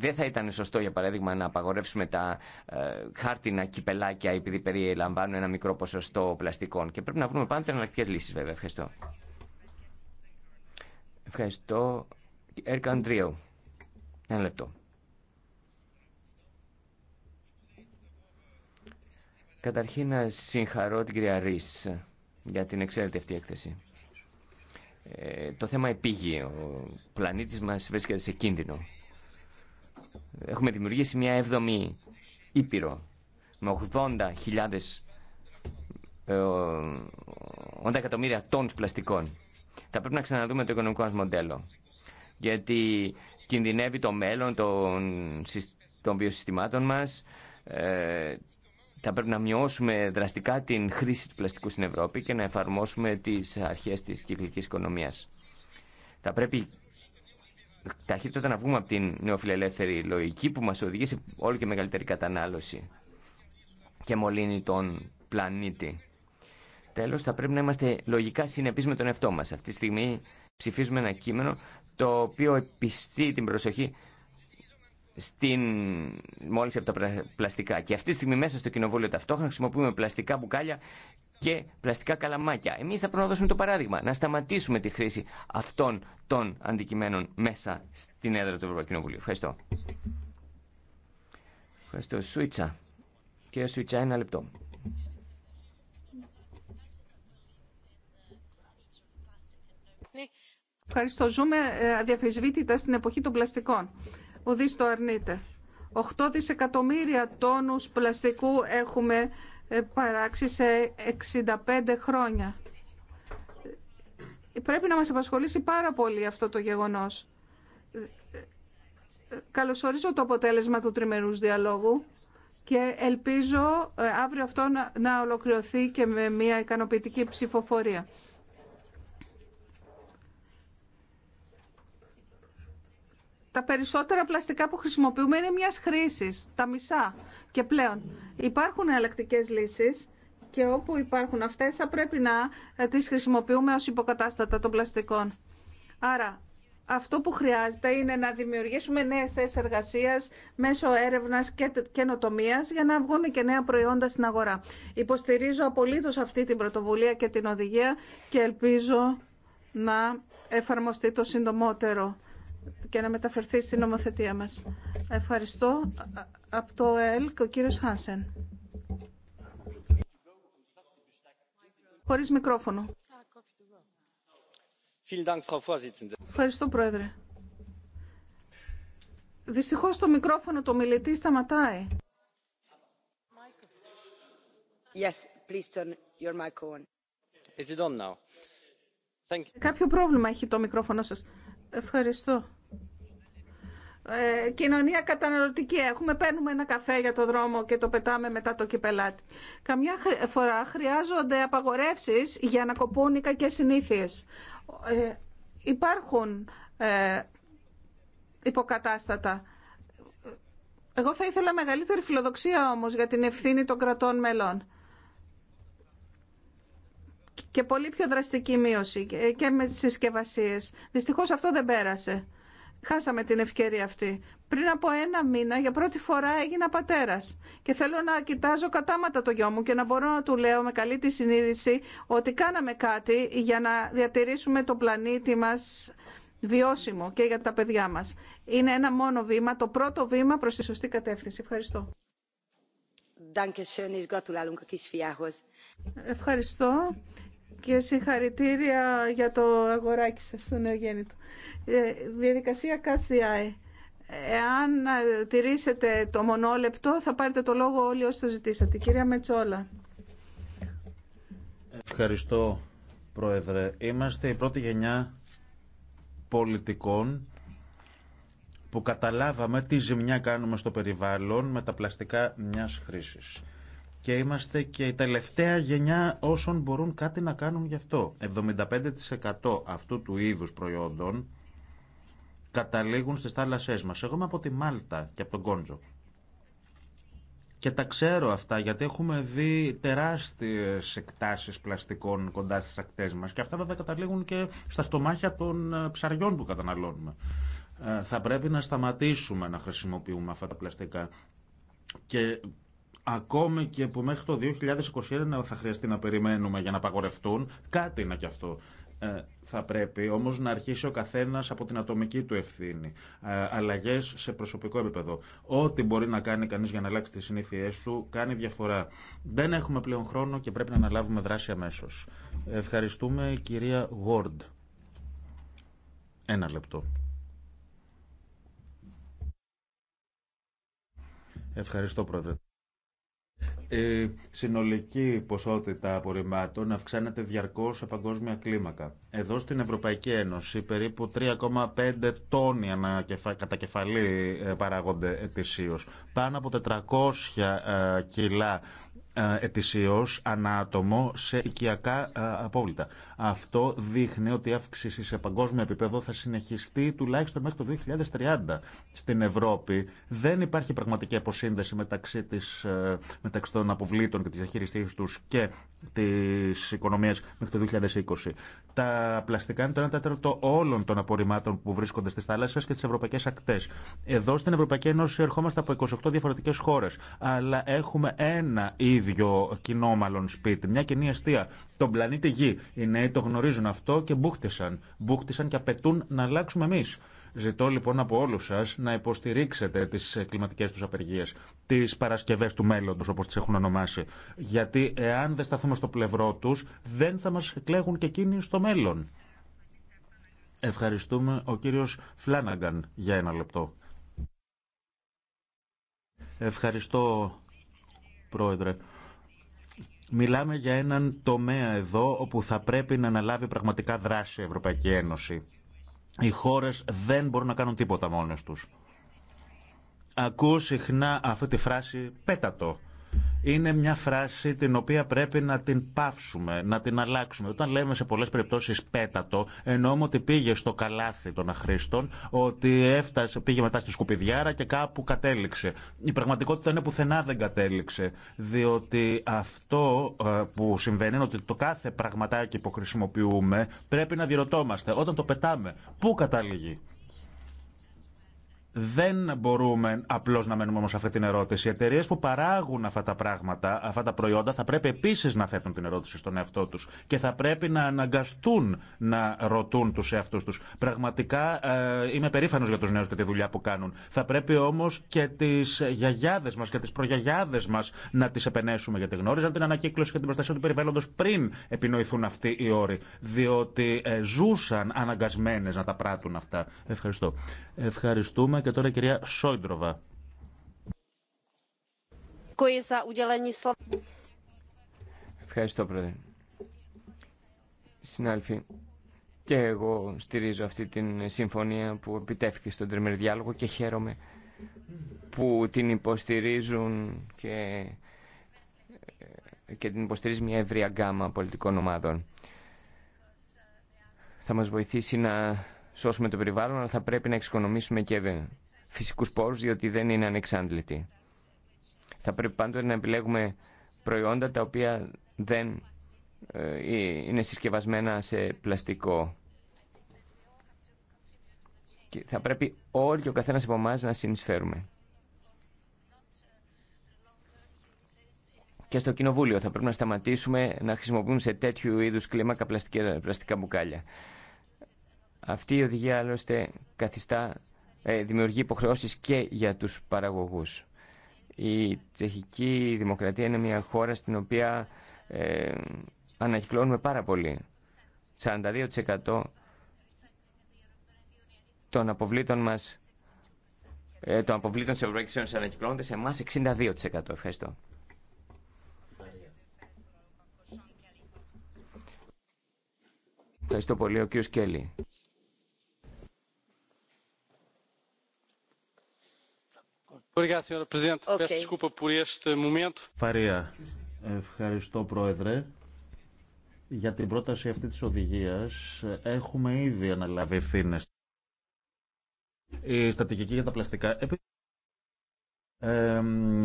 δεν θα ήταν σωστό, για παράδειγμα, να απαγορεύσουμε τα ε, χάρτινα κυπελάκια επειδή περιλαμβάνουν ένα μικρό ποσοστό πλαστικών. Και πρέπει να βρούμε πάντα εναλλακτικέ λύσει, βέβαια. Ευχαριστώ. Ευχαριστώ. Έρκα Αντρίου. Ένα λεπτό. Καταρχήν να συγχαρώ την κυρία για την εξαίρετη αυτή έκθεση. Ε, το θέμα επίγει. Ο πλανήτης μας βρίσκεται σε κίνδυνο έχουμε δημιουργήσει μια έβδομη ήπειρο με 80.000 80 ε, εκατομμύρια τόνους πλαστικών. Θα πρέπει να ξαναδούμε το οικονομικό μας μοντέλο. Γιατί κινδυνεύει το μέλλον των, βιοσυστημάτων μας. Ε, θα πρέπει να μειώσουμε δραστικά την χρήση του πλαστικού στην Ευρώπη και να εφαρμόσουμε τις αρχές της κυκλικής οικονομίας. Θα πρέπει ταχύτητα να βγούμε από την νεοφιλελεύθερη λογική που μας οδηγεί σε όλο και μεγαλύτερη κατανάλωση και μολύνει τον πλανήτη. Τέλος, θα πρέπει να είμαστε λογικά συνεπείς με τον εαυτό μας. Αυτή τη στιγμή ψηφίζουμε ένα κείμενο το οποίο επιστεί την προσοχή στην μόλις από τα πλαστικά. Και αυτή τη στιγμή μέσα στο κοινοβούλιο ταυτόχρονα χρησιμοποιούμε πλαστικά μπουκάλια και πλαστικά καλαμάκια. Εμείς θα πρέπει να δώσουμε το παράδειγμα, να σταματήσουμε τη χρήση αυτών των αντικειμένων μέσα στην έδρα του Ευρωπαϊκού Κοινοβουλίου. Ευχαριστώ. Ευχαριστώ. Σουίτσα. Κύριε Σουίτσα, ένα λεπτό. Ευχαριστώ. Ζούμε ε, αδιαφεσβήτητα στην εποχή των πλαστικών. Ο το αρνείται. 8 δισεκατομμύρια τόνους πλαστικού έχουμε ε, παράξει σε 65 χρόνια. Πρέπει να μας απασχολήσει πάρα πολύ αυτό το γεγονός. Καλωσορίζω το αποτέλεσμα του τριμερούς διαλόγου και ελπίζω ε, αύριο αυτό να ολοκληρωθεί και με μια ικανοποιητική ψηφοφορία. τα περισσότερα πλαστικά που χρησιμοποιούμε είναι μιας χρήσης, τα μισά και πλέον. Υπάρχουν εναλλακτικέ λύσεις και όπου υπάρχουν αυτές θα πρέπει να ε, τις χρησιμοποιούμε ως υποκατάστατα των πλαστικών. Άρα αυτό που χρειάζεται είναι να δημιουργήσουμε νέες θέσεις εργασίας μέσω έρευνας και καινοτομία για να βγουν και νέα προϊόντα στην αγορά. Υποστηρίζω απολύτως αυτή την πρωτοβουλία και την οδηγία και ελπίζω να εφαρμοστεί το συντομότερο και να μεταφερθεί στην νομοθετία μας. Ευχαριστώ. Από το ΕΛΚ ο κύριος Χάνσεν. Χωρίς μικρόφωνο. Ευχαριστώ, Πρόεδρε. Δυστυχώς το μικρόφωνο το μιλητή σταματάει. Yes, please turn your microphone. Is it on now? Thank you. Κάποιο πρόβλημα έχει το μικρόφωνο σας. Ευχαριστώ. Ε, κοινωνία καταναλωτική. Έχουμε, παίρνουμε ένα καφέ για το δρόμο και το πετάμε μετά το κυπελάτι. Καμιά φορά χρειάζονται απαγορεύσεις για να κοπούν οι κακές συνήθειες. Ε, υπάρχουν ε, υποκατάστατα. Εγώ θα ήθελα μεγαλύτερη φιλοδοξία όμως για την ευθύνη των κρατών μελών και πολύ πιο δραστική μείωση και με τις συσκευασίε. Δυστυχώς αυτό δεν πέρασε. Χάσαμε την ευκαιρία αυτή. Πριν από ένα μήνα για πρώτη φορά έγινα πατέρας και θέλω να κοιτάζω κατάματα το γιο μου και να μπορώ να του λέω με καλή τη συνείδηση ότι κάναμε κάτι για να διατηρήσουμε το πλανήτη μας βιώσιμο και για τα παιδιά μας. Είναι ένα μόνο βήμα, το πρώτο βήμα προς τη σωστή κατεύθυνση. Ευχαριστώ. Ευχαριστώ και συγχαρητήρια για το αγοράκι σας, το νεογέννητο. Ε, διαδικασία ΚΑΣΔΙΑΕ. Εάν ε, τηρήσετε το μονόλεπτο, θα πάρετε το λόγο όλοι όσοι το ζητήσατε. Κυρία Μετσόλα. Ευχαριστώ, Πρόεδρε. Είμαστε η πρώτη γενιά πολιτικών που καταλάβαμε τι ζημιά κάνουμε στο περιβάλλον με τα πλαστικά μιας χρήσης και είμαστε και η τελευταία γενιά όσων μπορούν κάτι να κάνουν γι' αυτό. 75% αυτού του είδους προϊόντων καταλήγουν στις θάλασσές μας. Εγώ είμαι από τη Μάλτα και από τον Κόντζο. Και τα ξέρω αυτά γιατί έχουμε δει τεράστιες εκτάσεις πλαστικών κοντά στις ακτές μας και αυτά βέβαια καταλήγουν και στα στομάχια των ε, ψαριών που καταναλώνουμε. Ε, θα πρέπει να σταματήσουμε να χρησιμοποιούμε αυτά τα πλαστικά. Και ακόμη και που μέχρι το 2021 θα χρειαστεί να περιμένουμε για να παγορευτούν. κάτι είναι κι αυτό. Ε, θα πρέπει όμως να αρχίσει ο καθένας από την ατομική του ευθύνη. Ε, αλλαγές σε προσωπικό επίπεδο. Ό,τι μπορεί να κάνει κανείς για να αλλάξει τις συνήθειές του, κάνει διαφορά. Δεν έχουμε πλέον χρόνο και πρέπει να αναλάβουμε δράση αμέσω. Ευχαριστούμε κυρία Γόρντ. Ένα λεπτό. Ευχαριστώ πρόεδρε. Η συνολική ποσότητα απορριμμάτων αυξάνεται διαρκώ σε παγκόσμια κλίμακα. Εδώ στην Ευρωπαϊκή Ένωση περίπου 3,5 τόνοι κατά κεφαλή ε, παράγονται ετησίω. Πάνω από 400 ε, κιλά ε, Ετησίω ανά άτομο σε οικιακά ε, απόλυτα. Αυτό δείχνει ότι η αύξηση σε παγκόσμιο επίπεδο θα συνεχιστεί τουλάχιστον μέχρι το 2030. Στην Ευρώπη δεν υπάρχει πραγματική αποσύνδεση μεταξύ, της, ε, μεταξύ των αποβλήτων και της διαχειριστή τους και της οικονομίας μέχρι το 2020. Τα πλαστικά είναι το 1 τέταρτο όλων των απορριμμάτων που βρίσκονται στις θάλασσες και στις ευρωπαϊκές ακτές. Εδώ στην Ευρωπαϊκή Ένωση ερχόμαστε από 28 διαφορετικές χώρες, αλλά έχουμε ένα είδη ίδιο κοινό μάλλον σπίτι, μια κοινή αστεία. Τον πλανήτη Γη. Οι νέοι το γνωρίζουν αυτό και μπούχτησαν. Μπούχτησαν και απαιτούν να αλλάξουμε εμεί. Ζητώ λοιπόν από όλου σα να υποστηρίξετε τι κλιματικέ του απεργίε, τι παρασκευέ του μέλλοντος όπω τι έχουν ονομάσει. Γιατί εάν δεν σταθούμε στο πλευρό του, δεν θα μα εκλέγουν και εκείνοι στο μέλλον. Ευχαριστούμε ο κύριος Φλάναγκαν για ένα λεπτό. Ευχαριστώ πρόεδρε. Μιλάμε για έναν τομέα εδώ όπου θα πρέπει να αναλάβει πραγματικά δράση η Ευρωπαϊκή Ένωση. Οι χώρες δεν μπορούν να κάνουν τίποτα μόνες τους. Ακούω συχνά αυτή τη φράση πέτατο είναι μια φράση την οποία πρέπει να την παύσουμε, να την αλλάξουμε. Όταν λέμε σε πολλές περιπτώσεις πέτατο, εννοούμε ότι πήγε στο καλάθι των αχρήστων, ότι έφτασε, πήγε μετά στη σκουπιδιάρα και κάπου κατέληξε. Η πραγματικότητα είναι πουθενά δεν κατέληξε. Διότι αυτό ε, που συμβαίνει είναι ότι το κάθε πραγματάκι που χρησιμοποιούμε πρέπει να διερωτόμαστε όταν το πετάμε. Πού κατάληγει. Δεν μπορούμε απλώς να μένουμε όμως σε αυτή την ερώτηση. Οι εταιρείε που παράγουν αυτά τα πράγματα, αυτά τα προϊόντα, θα πρέπει επίσης να θέτουν την ερώτηση στον εαυτό τους και θα πρέπει να αναγκαστούν να ρωτούν τους εαυτούς τους. Πραγματικά ε, είμαι περήφανος για τους νέους και τη δουλειά που κάνουν. Θα πρέπει όμως και τις γιαγιάδες μας και τις προγιαγιάδες μας να τις επενέσουμε γιατί γνώριζαν την ανακύκλωση και την προστασία του περιβάλλοντος πριν επινοηθούν αυτοί οι όροι. Διότι ε, ζούσαν αναγκασμένες να τα πράττουν αυτά. Ευχαριστώ. Ευχαριστούμε και τώρα η κυρία Σόιντροβα. Ευχαριστώ, Πρόεδρε. Συνάλφοι, και εγώ στηρίζω αυτή την συμφωνία που επιτεύχθη στον τριμερή διάλογο και χαίρομαι που την υποστηρίζουν και, και την υποστηρίζει μια ευρία γκάμα πολιτικών ομάδων. Θα μας βοηθήσει να σώσουμε το περιβάλλον, αλλά θα πρέπει να εξοικονομήσουμε και φυσικού πόρου, διότι δεν είναι ανεξάντλητοι. Θα πρέπει πάντοτε να επιλέγουμε προϊόντα τα οποία δεν ε, ε, είναι συσκευασμένα σε πλαστικό. θα πρέπει όλοι και ο καθένας από εμά να συνεισφέρουμε. Και στο Κοινοβούλιο θα πρέπει να σταματήσουμε να χρησιμοποιούμε σε τέτοιου είδους κλίμακα πλαστικά μπουκάλια. Αυτή η οδηγία άλλωστε καθιστά, ε, δημιουργεί υποχρεώσεις και για τους παραγωγούς. Η τσεχική δημοκρατία είναι μια χώρα στην οποία ε, ανακυκλώνουμε πάρα πολύ. 42% των αποβλήτων μας ε, των αποβλήτων της Ευρωπαϊκής ανακυκλώνονται σε εμάς 62%. Ευχαριστώ. Ευχαριστώ πολύ. Ο κύριος Κέλλη. Okay. Φαρία, ευχαριστώ Πρόεδρε. Για την πρόταση αυτή της οδηγίας έχουμε ήδη αναλάβει ευθύνες. Η στατικική για τα πλαστικά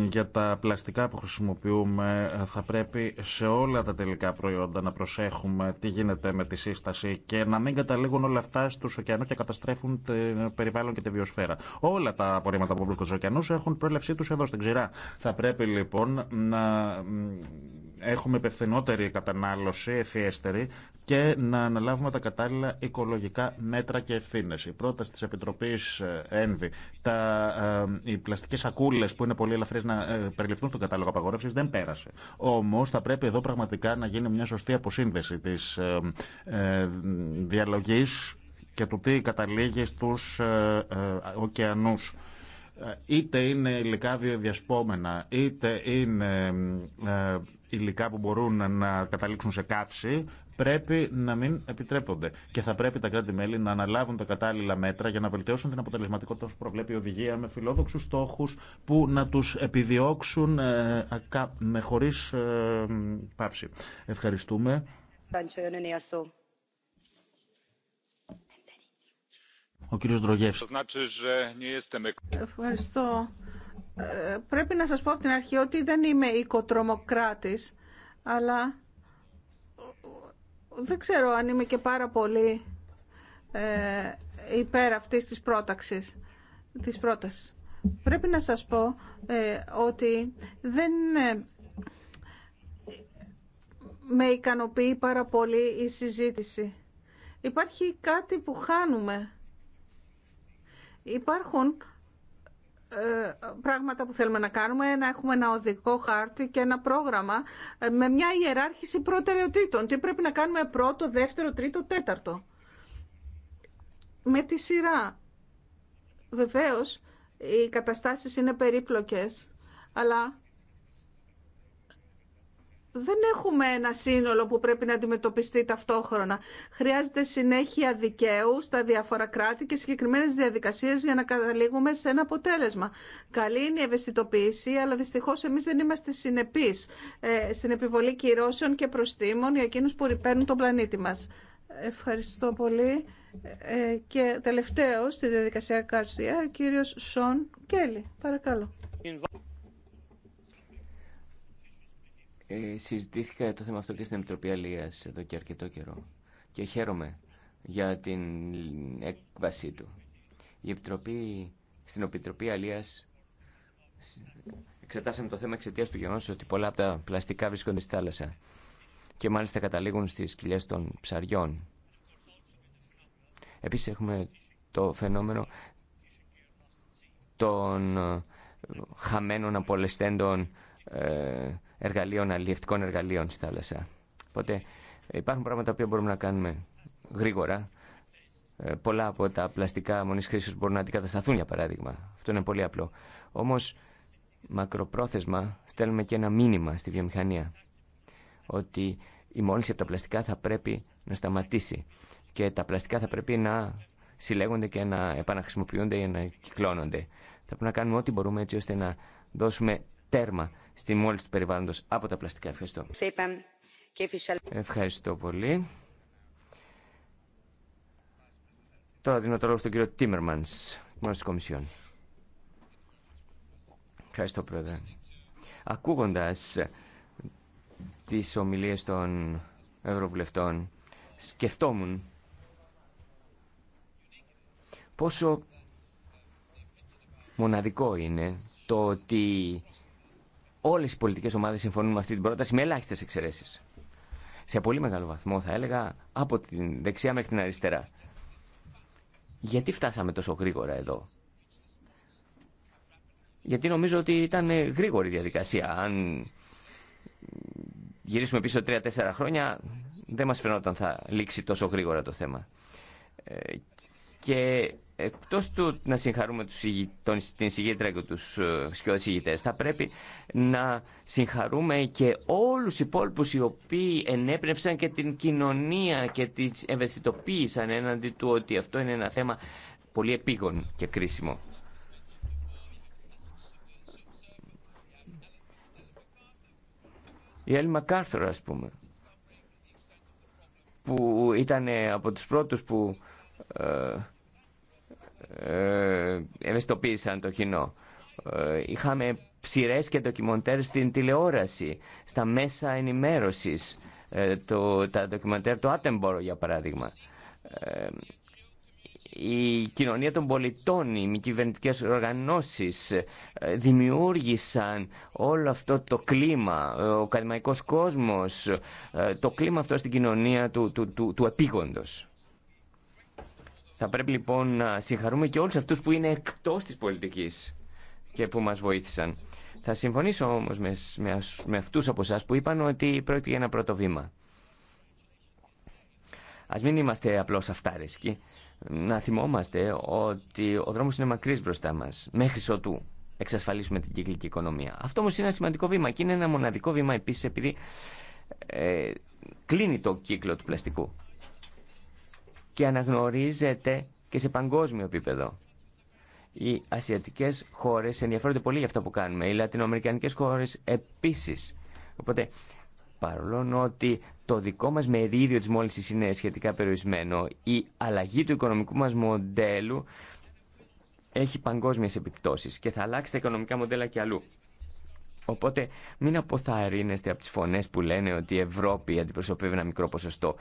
για τα πλαστικά που χρησιμοποιούμε ε, θα πρέπει σε όλα τα τελικά προϊόντα να προσέχουμε τι γίνεται με τη σύσταση και να μην καταλήγουν όλα αυτά στους ωκεανούς και καταστρέφουν το περιβάλλον και τη βιοσφαίρα. Όλα τα απορρίμματα που βρίσκονται στους ωκεανούς έχουν πρόλευσή τους εδώ στην ξηρά. Θα πρέπει λοιπόν να έχουμε υπευθυνότερη κατανάλωση, ευφιέστερη, και να αναλάβουμε τα κατάλληλα οικολογικά μέτρα και ευθύνε. Η πρόταση τη Επιτροπή ΕΝΒΗ, ε, οι πλαστικέ σακούλε που είναι πολύ ελαφρύ να ε, περιληφθούν στον κατάλογο απαγόρευση δεν πέρασε. Όμω θα πρέπει εδώ πραγματικά να γίνει μια σωστή αποσύνδεση τη ε, διαλογή και του τι καταλήγει στους ωκεανούς είτε είναι υλικά βιοδιασπόμενα, είτε είναι υλικά που μπορούν να καταλήξουν σε κάψη, πρέπει να μην επιτρέπονται. Και θα πρέπει τα κράτη-μέλη να αναλάβουν τα κατάλληλα μέτρα για να βελτιώσουν την αποτελεσματικότητα που προβλέπει η οδηγία με φιλόδοξου στόχου που να του επιδιώξουν ε, χωρί ε, πάυση. Ευχαριστούμε. Ο κύριος Δρογεύς. Ευχαριστώ. Ε, πρέπει να σας πω από την αρχή ότι δεν είμαι οικοτρομοκράτης, αλλά δεν ξέρω αν είμαι και πάρα πολύ ε, υπέρ αυτής της πρόταξης, της πρότασης. Πρέπει να σας πω ε, ότι δεν ε, με ικανοποιεί πάρα πολύ η συζήτηση. Υπάρχει κάτι που χάνουμε. Υπάρχουν ε, πράγματα που θέλουμε να κάνουμε, να έχουμε ένα οδικό χάρτη και ένα πρόγραμμα ε, με μια ιεράρχηση προτεραιοτήτων. Τι πρέπει να κάνουμε πρώτο, δεύτερο, τρίτο, τέταρτο. Με τη σειρά. Βεβαίως, οι καταστάσεις είναι περίπλοκες, αλλά δεν έχουμε ένα σύνολο που πρέπει να αντιμετωπιστεί ταυτόχρονα. Χρειάζεται συνέχεια δικαίου στα διάφορα κράτη και συγκεκριμένες διαδικασίες για να καταλήγουμε σε ένα αποτέλεσμα. Καλή είναι η ευαισθητοποίηση, αλλά δυστυχώς εμείς δεν είμαστε συνεπείς ε, στην επιβολή κυρώσεων και προστήμων για εκείνους που ρηπαίνουν τον πλανήτη μας. Ευχαριστώ πολύ. Ε, και τελευταίο στη διαδικασία Κάρσια, κύριος Σον Κέλλη. Παρακαλώ. Ε, συζητήθηκα το θέμα αυτό και στην Επιτροπή Αλίας εδώ και αρκετό καιρό και χαίρομαι για την έκβασή του. Η Επιτροπή, στην Επιτροπή Αλίας εξετάσαμε το θέμα εξαιτία του γεγονός ότι πολλά από τα πλαστικά βρίσκονται στη θάλασσα και μάλιστα καταλήγουν στις κοιλιές των ψαριών. Επίσης έχουμε το φαινόμενο των ε, χαμένων απολεσθέντων ε, εργαλείων, αλλιευτικών εργαλείων στη θάλασσα. Οπότε υπάρχουν πράγματα που μπορούμε να κάνουμε γρήγορα. Ε, πολλά από τα πλαστικά μονή χρήση μπορούν να αντικατασταθούν, για παράδειγμα. Αυτό είναι πολύ απλό. Όμω, μακροπρόθεσμα, στέλνουμε και ένα μήνυμα στη βιομηχανία ότι η μόλυνση από τα πλαστικά θα πρέπει να σταματήσει και τα πλαστικά θα πρέπει να συλλέγονται και να επαναχρησιμοποιούνται ή να κυκλώνονται. Θα πρέπει να κάνουμε ό,τι μπορούμε έτσι ώστε να δώσουμε τέρμα στη μόλις του περιβάλλοντο από τα πλαστικά. Ευχαριστώ. Ευχαριστώ πολύ. Τώρα δίνω το λόγο στον κύριο Τίμερμανς, μόνο της Κομισιόν. Ευχαριστώ, Πρόεδρε. Ακούγοντα τι ομιλίε των Ευρωβουλευτών, σκεφτόμουν πόσο μοναδικό είναι το ότι όλες οι πολιτικές ομάδες συμφωνούν με αυτή την πρόταση με ελάχιστες εξαιρέσεις. Σε πολύ μεγάλο βαθμό θα έλεγα από την δεξιά μέχρι την αριστερά. Γιατί φτάσαμε τόσο γρήγορα εδώ. Γιατί νομίζω ότι ήταν γρήγορη διαδικασία. Αν γυρίσουμε πίσω 3-4 χρόνια δεν μας φαινόταν θα λήξει τόσο γρήγορα το θέμα. Ε, και Εκτός του να συγχαρούμε τους, την συγκέντρα και του ε, σκιώδες θα πρέπει να συγχαρούμε και όλους του υπόλοιπου οι οποίοι ενέπνευσαν και την κοινωνία και τι ευαισθητοποίησαν έναντι του ότι αυτό είναι ένα θέμα πολύ επίγον και κρίσιμο. Η Έλλη Μακάρθρο, ας πούμε, που ήταν από τους πρώτους που... Ε, ε, ευαισθητοποίησαν το κοινό. Ε, είχαμε ψηρές και ντοκιμοντέρ στην τηλεόραση, στα μέσα ενημέρωσης, ε, το, τα ντοκιμοντέρ του Άτεμπορο για παράδειγμα. Η κοινωνία των πολιτών, οι μη κυβερνητικέ οργανώσεις δημιούργησαν όλο αυτό το κλίμα, ο καθημαϊκό κόσμος, το κλίμα αυτό στην κοινωνία του, του, του, του επίγοντος. Θα πρέπει λοιπόν να συγχαρούμε και όλους αυτούς που είναι εκτός της πολιτικής και που μας βοήθησαν. Θα συμφωνήσω όμως με, με, με αυτούς από εσά που είπαν ότι πρόκειται για ένα πρώτο βήμα. Ας μην είμαστε απλώς αυτάρεσκοι. Να θυμόμαστε ότι ο δρόμος είναι μακρύς μπροστά μας, μέχρι ότου εξασφαλίσουμε την κυκλική οικονομία. Αυτό όμως είναι ένα σημαντικό βήμα και είναι ένα μοναδικό βήμα επίσης επειδή ε, κλείνει το κύκλο του πλαστικού και αναγνωρίζεται και σε παγκόσμιο επίπεδο. Οι ασιατικές χώρες ενδιαφέρονται πολύ για αυτό που κάνουμε. Οι λατινοαμερικανικές χώρες επίσης. Οπότε, παρόλο ότι το δικό μας μερίδιο της μόλυνση είναι σχετικά περιορισμένο, η αλλαγή του οικονομικού μας μοντέλου έχει παγκόσμιες επιπτώσεις και θα αλλάξει τα οικονομικά μοντέλα και αλλού. Οπότε μην αποθαρρύνεστε από τις φωνές που λένε ότι η Ευρώπη αντιπροσωπεύει ένα μικρό ποσοστό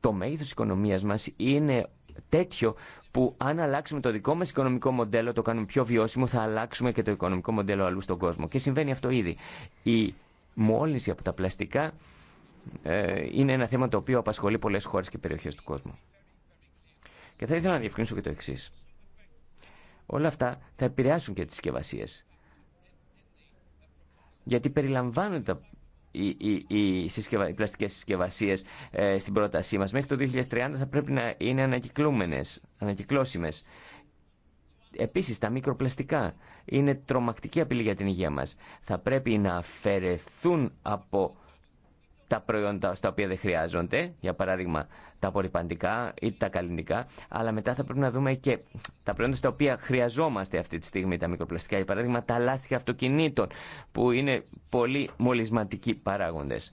το μέγεθος της οικονομίας μας είναι τέτοιο που αν αλλάξουμε το δικό μας οικονομικό μοντέλο, το κάνουμε πιο βιώσιμο, θα αλλάξουμε και το οικονομικό μοντέλο αλλού στον κόσμο. Και συμβαίνει αυτό ήδη. Η μόλυνση από τα πλαστικά ε, είναι ένα θέμα το οποίο απασχολεί πολλές χώρες και περιοχές του κόσμου. Και θα ήθελα να διευκρινίσω και το εξή. Όλα αυτά θα επηρεάσουν και τις συσκευασίε. Γιατί περιλαμβάνονται οι, οι, οι, ε, στην πρότασή μα Μέχρι το 2030 θα πρέπει να είναι ανακυκλώσιμε. ανακυκλώσιμες. Επίσης, τα μικροπλαστικά είναι τρομακτική απειλή για την υγεία μα. Θα πρέπει να αφαιρεθούν από τα προϊόντα στα οποία δεν χρειάζονται, για παράδειγμα τα απορριπαντικά ή τα καλλιντικά, αλλά μετά θα πρέπει να δούμε και τα προϊόντα στα οποία χρειαζόμαστε αυτή τη στιγμή, τα μικροπλαστικά, για παράδειγμα τα λάστιχα αυτοκινήτων, που είναι πολύ μολυσματικοί παράγοντες.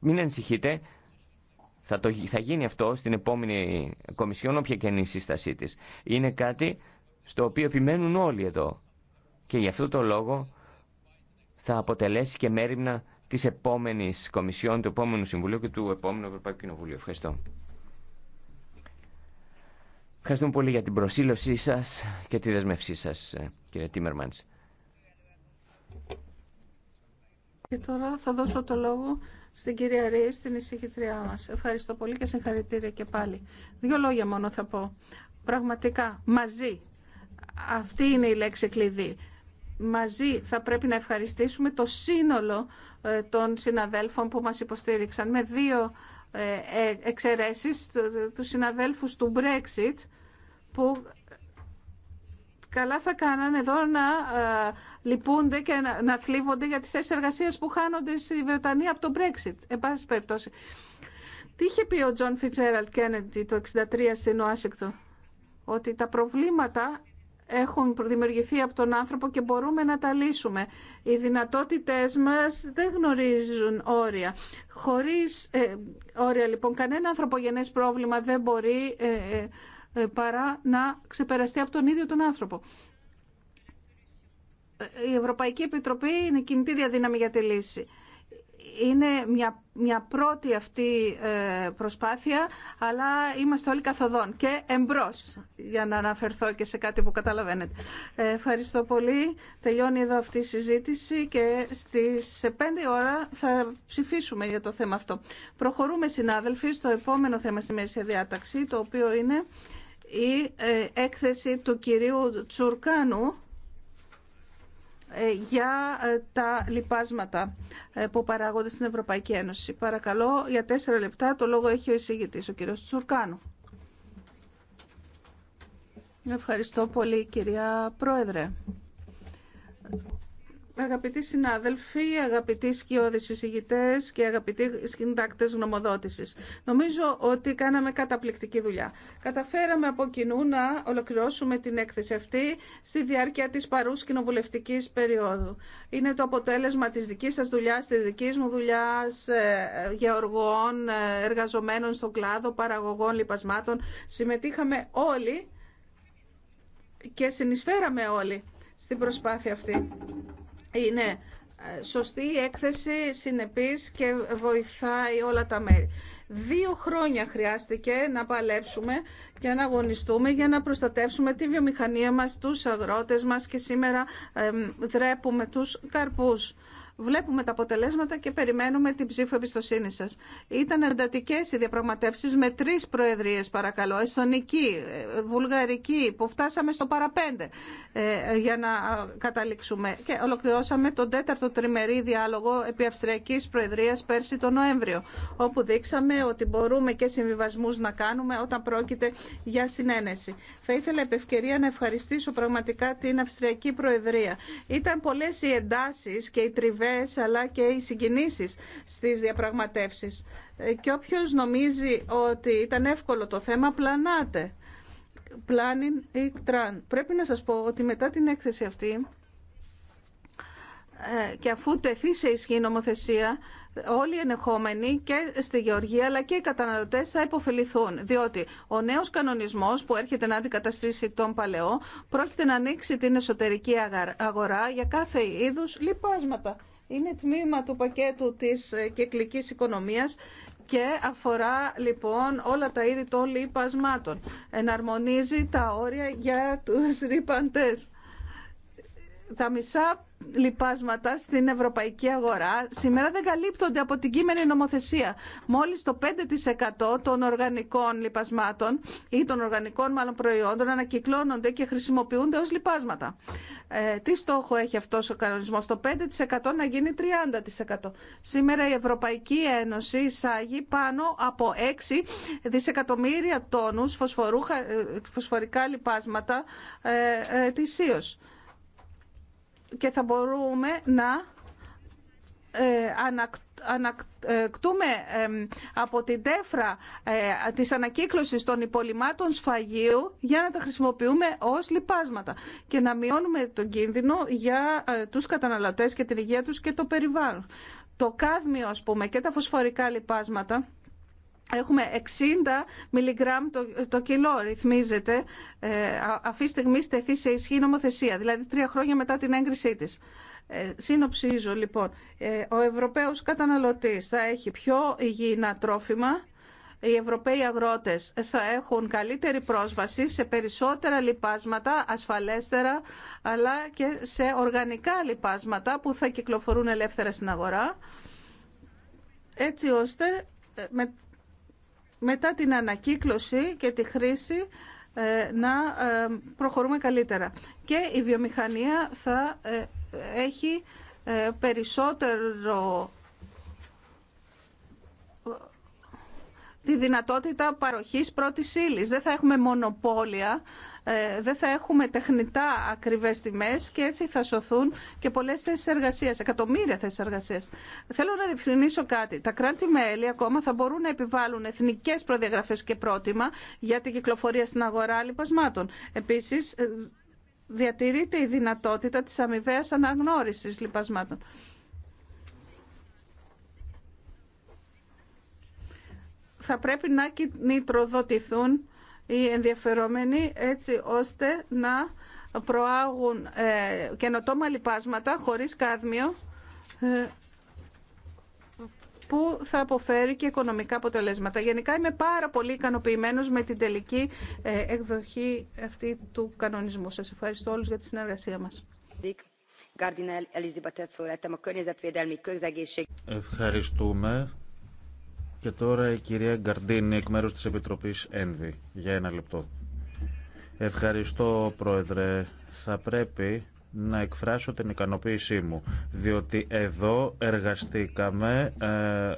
Μην ανησυχείτε, θα, το, θα γίνει αυτό στην επόμενη Κομισιόν, όποια και είναι η σύστασή της. Είναι κάτι στο οποίο επιμένουν όλοι εδώ. Και γι' αυτό το λόγο θα αποτελέσει και μέρημνα Τη επόμενη Κομισιόν, του επόμενου Συμβουλίου και του επόμενου Ευρωπαϊκού Κοινοβουλίου. Ευχαριστώ. Ευχαριστούμε πολύ για την προσήλωσή σας και τη δεσμευσή σας, κύριε Τίμερμαντ. Και τώρα θα δώσω το λόγο στην κυρία Ρή, στην εισηγητριά μα. Ευχαριστώ πολύ και συγχαρητήρια και πάλι. Δύο λόγια μόνο θα πω. Πραγματικά, μαζί. Αυτή είναι η λέξη κλειδί μαζί θα πρέπει να ευχαριστήσουμε το σύνολο ε, των συναδέλφων που μας υποστήριξαν με δύο ε, ε, εξαιρέσεις του συναδέλφους του Brexit που καλά θα κάνανε εδώ να λυπούνται και να θλίβονται για τις θέσεις εργασίας που χάνονται στη Βρετανία από το Brexit. Εν πάση περιπτώσει. Τι είχε πει ο Τζον Φιτζέραλτ Κέννεντι το 1963 στην Ουάσιγκτον ότι τα προβλήματα έχουν δημιουργηθεί από τον άνθρωπο και μπορούμε να τα λύσουμε. Οι δυνατότητές μας δεν γνωρίζουν όρια. Χωρίς ε, όρια λοιπόν κανένα ανθρωπογενές πρόβλημα δεν μπορεί ε, ε, παρά να ξεπεραστεί από τον ίδιο τον άνθρωπο. Η Ευρωπαϊκή Επιτροπή είναι κινητήρια δύναμη για τη λύση είναι μια, μια πρώτη αυτή ε, προσπάθεια, αλλά είμαστε όλοι καθοδόν και εμπρός, για να αναφερθώ και σε κάτι που καταλαβαίνετε. Ε, ευχαριστώ πολύ. Τελειώνει εδώ αυτή η συζήτηση και στις 5 ώρα θα ψηφίσουμε για το θέμα αυτό. Προχωρούμε, συνάδελφοι, στο επόμενο θέμα στη μέση διάταξη, το οποίο είναι η ε, έκθεση του κυρίου Τσουρκάνου, ε, για ε, τα λοιπάσματα ε, που παράγονται στην Ευρωπαϊκή Ένωση. Παρακαλώ, για τέσσερα λεπτά το λόγο έχει ο εισηγητής, ο κύριος Τσουρκάνου. Ευχαριστώ πολύ, κυρία Πρόεδρε. Αγαπητοί συνάδελφοι, αγαπητοί σκιώδεις εισηγητές και αγαπητοί συντάκτες γνωμοδότησης, νομίζω ότι κάναμε καταπληκτική δουλειά. Καταφέραμε από κοινού να ολοκληρώσουμε την έκθεση αυτή στη διάρκεια της παρούς κοινοβουλευτική περίοδου. Είναι το αποτέλεσμα της δικής σας δουλειάς, της δικής μου δουλειάς, ε, γεωργών, ε, εργαζομένων στον κλάδο, παραγωγών, λοιπασμάτων. Συμμετείχαμε όλοι και συνεισφέραμε όλοι στην προσπάθεια αυτή είναι ε, σωστή η έκθεση, συνεπής και βοηθάει όλα τα μέρη. Δύο χρόνια χρειάστηκε να παλέψουμε και να αγωνιστούμε για να προστατεύσουμε τη βιομηχανία μας, τους αγρότες μας και σήμερα δρέπουμε τους καρπούς. Βλέπουμε τα αποτελέσματα και περιμένουμε την ψήφο εμπιστοσύνη σα. Ήταν εντατικέ οι διαπραγματεύσει με τρει προεδρίε, παρακαλώ, εσθονική, βουλγαρική, που φτάσαμε στο παραπέντε ε, για να καταλήξουμε. Και ολοκληρώσαμε τον τέταρτο τριμερή διάλογο επί Αυστριακή Προεδρία πέρσι τον Νοέμβριο, όπου δείξαμε ότι μπορούμε και συμβιβασμού να κάνουμε όταν πρόκειται για συνένεση. Θα ήθελα επ' ευκαιρία να ευχαριστήσω πραγματικά την Αυστριακή Προεδρία. Ήταν πολλέ οι εντάσει και οι τριβέ αλλά και οι συγκινήσεις στις διαπραγματεύσεις. Ε, και όποιος νομίζει ότι ήταν εύκολο το θέμα, πλανάτε Πλάνιν ή τραν. Πρέπει να σας πω ότι μετά την έκθεση αυτή ε, και αφού τεθεί σε ισχύ νομοθεσία, όλοι οι ενεχόμενοι και στη Γεωργία αλλά και οι καταναλωτέ θα υποφεληθούν. Διότι ο νέο κανονισμό που έρχεται να αντικαταστήσει τον παλαιό πρόκειται να ανοίξει την εσωτερική αγορά για κάθε είδου λοιπάσματα είναι τμήμα του πακέτου της ε, κεκλικής οικονομίας και αφορά λοιπόν όλα τα είδη των λοιπασμάτων. Εναρμονίζει τα όρια για τους ρηπαντές τα μισά λιπάσματα στην ευρωπαϊκή αγορά σήμερα δεν καλύπτονται από την κείμενη νομοθεσία. Μόλις το 5% των οργανικών λιπασμάτων ή των οργανικών μάλλον προϊόντων ανακυκλώνονται και χρησιμοποιούνται ως λιπάσματα. Ε, τι στόχο έχει αυτός ο κανονισμός, το 5% να γίνει 30%. Σήμερα η Ευρωπαϊκή Ένωση εισάγει πάνω από 6 δισεκατομμύρια τόνους ε, φωσφορικά λιπάσματα ε, ε, και θα μπορούμε να ε, ανακτούμε ε, από την τέφρα ε, της ανακύκλωσης των υπολοιμάτων σφαγίου για να τα χρησιμοποιούμε ως λιπάσματα και να μειώνουμε τον κίνδυνο για τους καταναλωτές και την υγεία τους και το περιβάλλον. Το κάδμιο, ας πούμε, και τα φωσφορικά λιπάσματα Έχουμε 60 μιλιγκράμμ το, το κιλό, ρυθμίζεται, ε, αυτή τη στιγμή στεθεί σε ισχύ νομοθεσία, δηλαδή τρία χρόνια μετά την έγκρισή της. Ε, σύνοψίζω λοιπόν, ε, ο Ευρωπαίος καταναλωτής θα έχει πιο υγιεινά τρόφιμα, οι Ευρωπαίοι αγρότες θα έχουν καλύτερη πρόσβαση σε περισσότερα λιπάσματα, ασφαλέστερα, αλλά και σε οργανικά λιπάσματα που θα κυκλοφορούν ελεύθερα στην αγορά, έτσι ώστε ε, μετά την ανακύκλωση και τη χρήση ε, να ε, προχωρούμε καλύτερα. Και η βιομηχανία θα ε, έχει περισσότερο τη δυνατότητα παροχής πρώτης ύλη. Δεν θα έχουμε μονοπόλια ε, δεν θα έχουμε τεχνητά ακριβέ τιμέ και έτσι θα σωθούν και πολλές θέσει εργασία, εκατομμύρια θέσει εργασία. Θέλω να διευκρινίσω κάτι. Τα κράτη-μέλη ακόμα θα μπορούν να επιβάλλουν εθνικέ προδιαγραφές και πρότυμα για την κυκλοφορία στην αγορά λοιπασμάτων. Επίσης, ε, διατηρείται η δυνατότητα της αμοιβαία αναγνώρισης λοιπασμάτων. Θα πρέπει να κινητροδοτηθούν οι ενδιαφερόμενοι έτσι ώστε να προάγουν καινοτόμα λοιπάσματα χωρίς κάδμιο που θα αποφέρει και οικονομικά αποτελέσματα. Γενικά είμαι πάρα πολύ ικανοποιημένο με την τελική εκδοχή αυτή του κανονισμού. Σας ευχαριστώ όλους για τη συνεργασία μας. Ευχαριστούμε. Και τώρα η κυρία Γκαρντίνη εκ μέρους της Επιτροπής ΕΝΒΗ για ένα λεπτό. Ευχαριστώ πρόεδρε. Θα πρέπει να εκφράσω την ικανοποίησή μου, διότι εδώ εργαστήκαμε ε,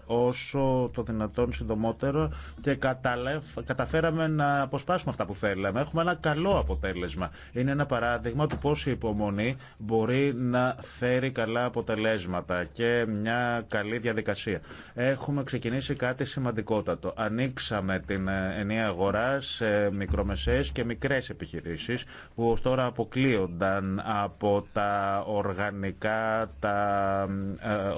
όσο το δυνατόν συντομότερο και καταλεφ, καταφέραμε να αποσπάσουμε αυτά που θέλαμε. Έχουμε ένα καλό αποτέλεσμα. Είναι ένα παράδειγμα του πώς η υπομονή μπορεί να φέρει καλά αποτελέσματα και μια καλή διαδικασία. Έχουμε ξεκινήσει κάτι σημαντικότατο. Ανοίξαμε την ε, ενία αγορά σε μικρομεσαίες και μικρές επιχειρήσεις που τώρα αποκλείονταν από από τα οργανικά, τα ε,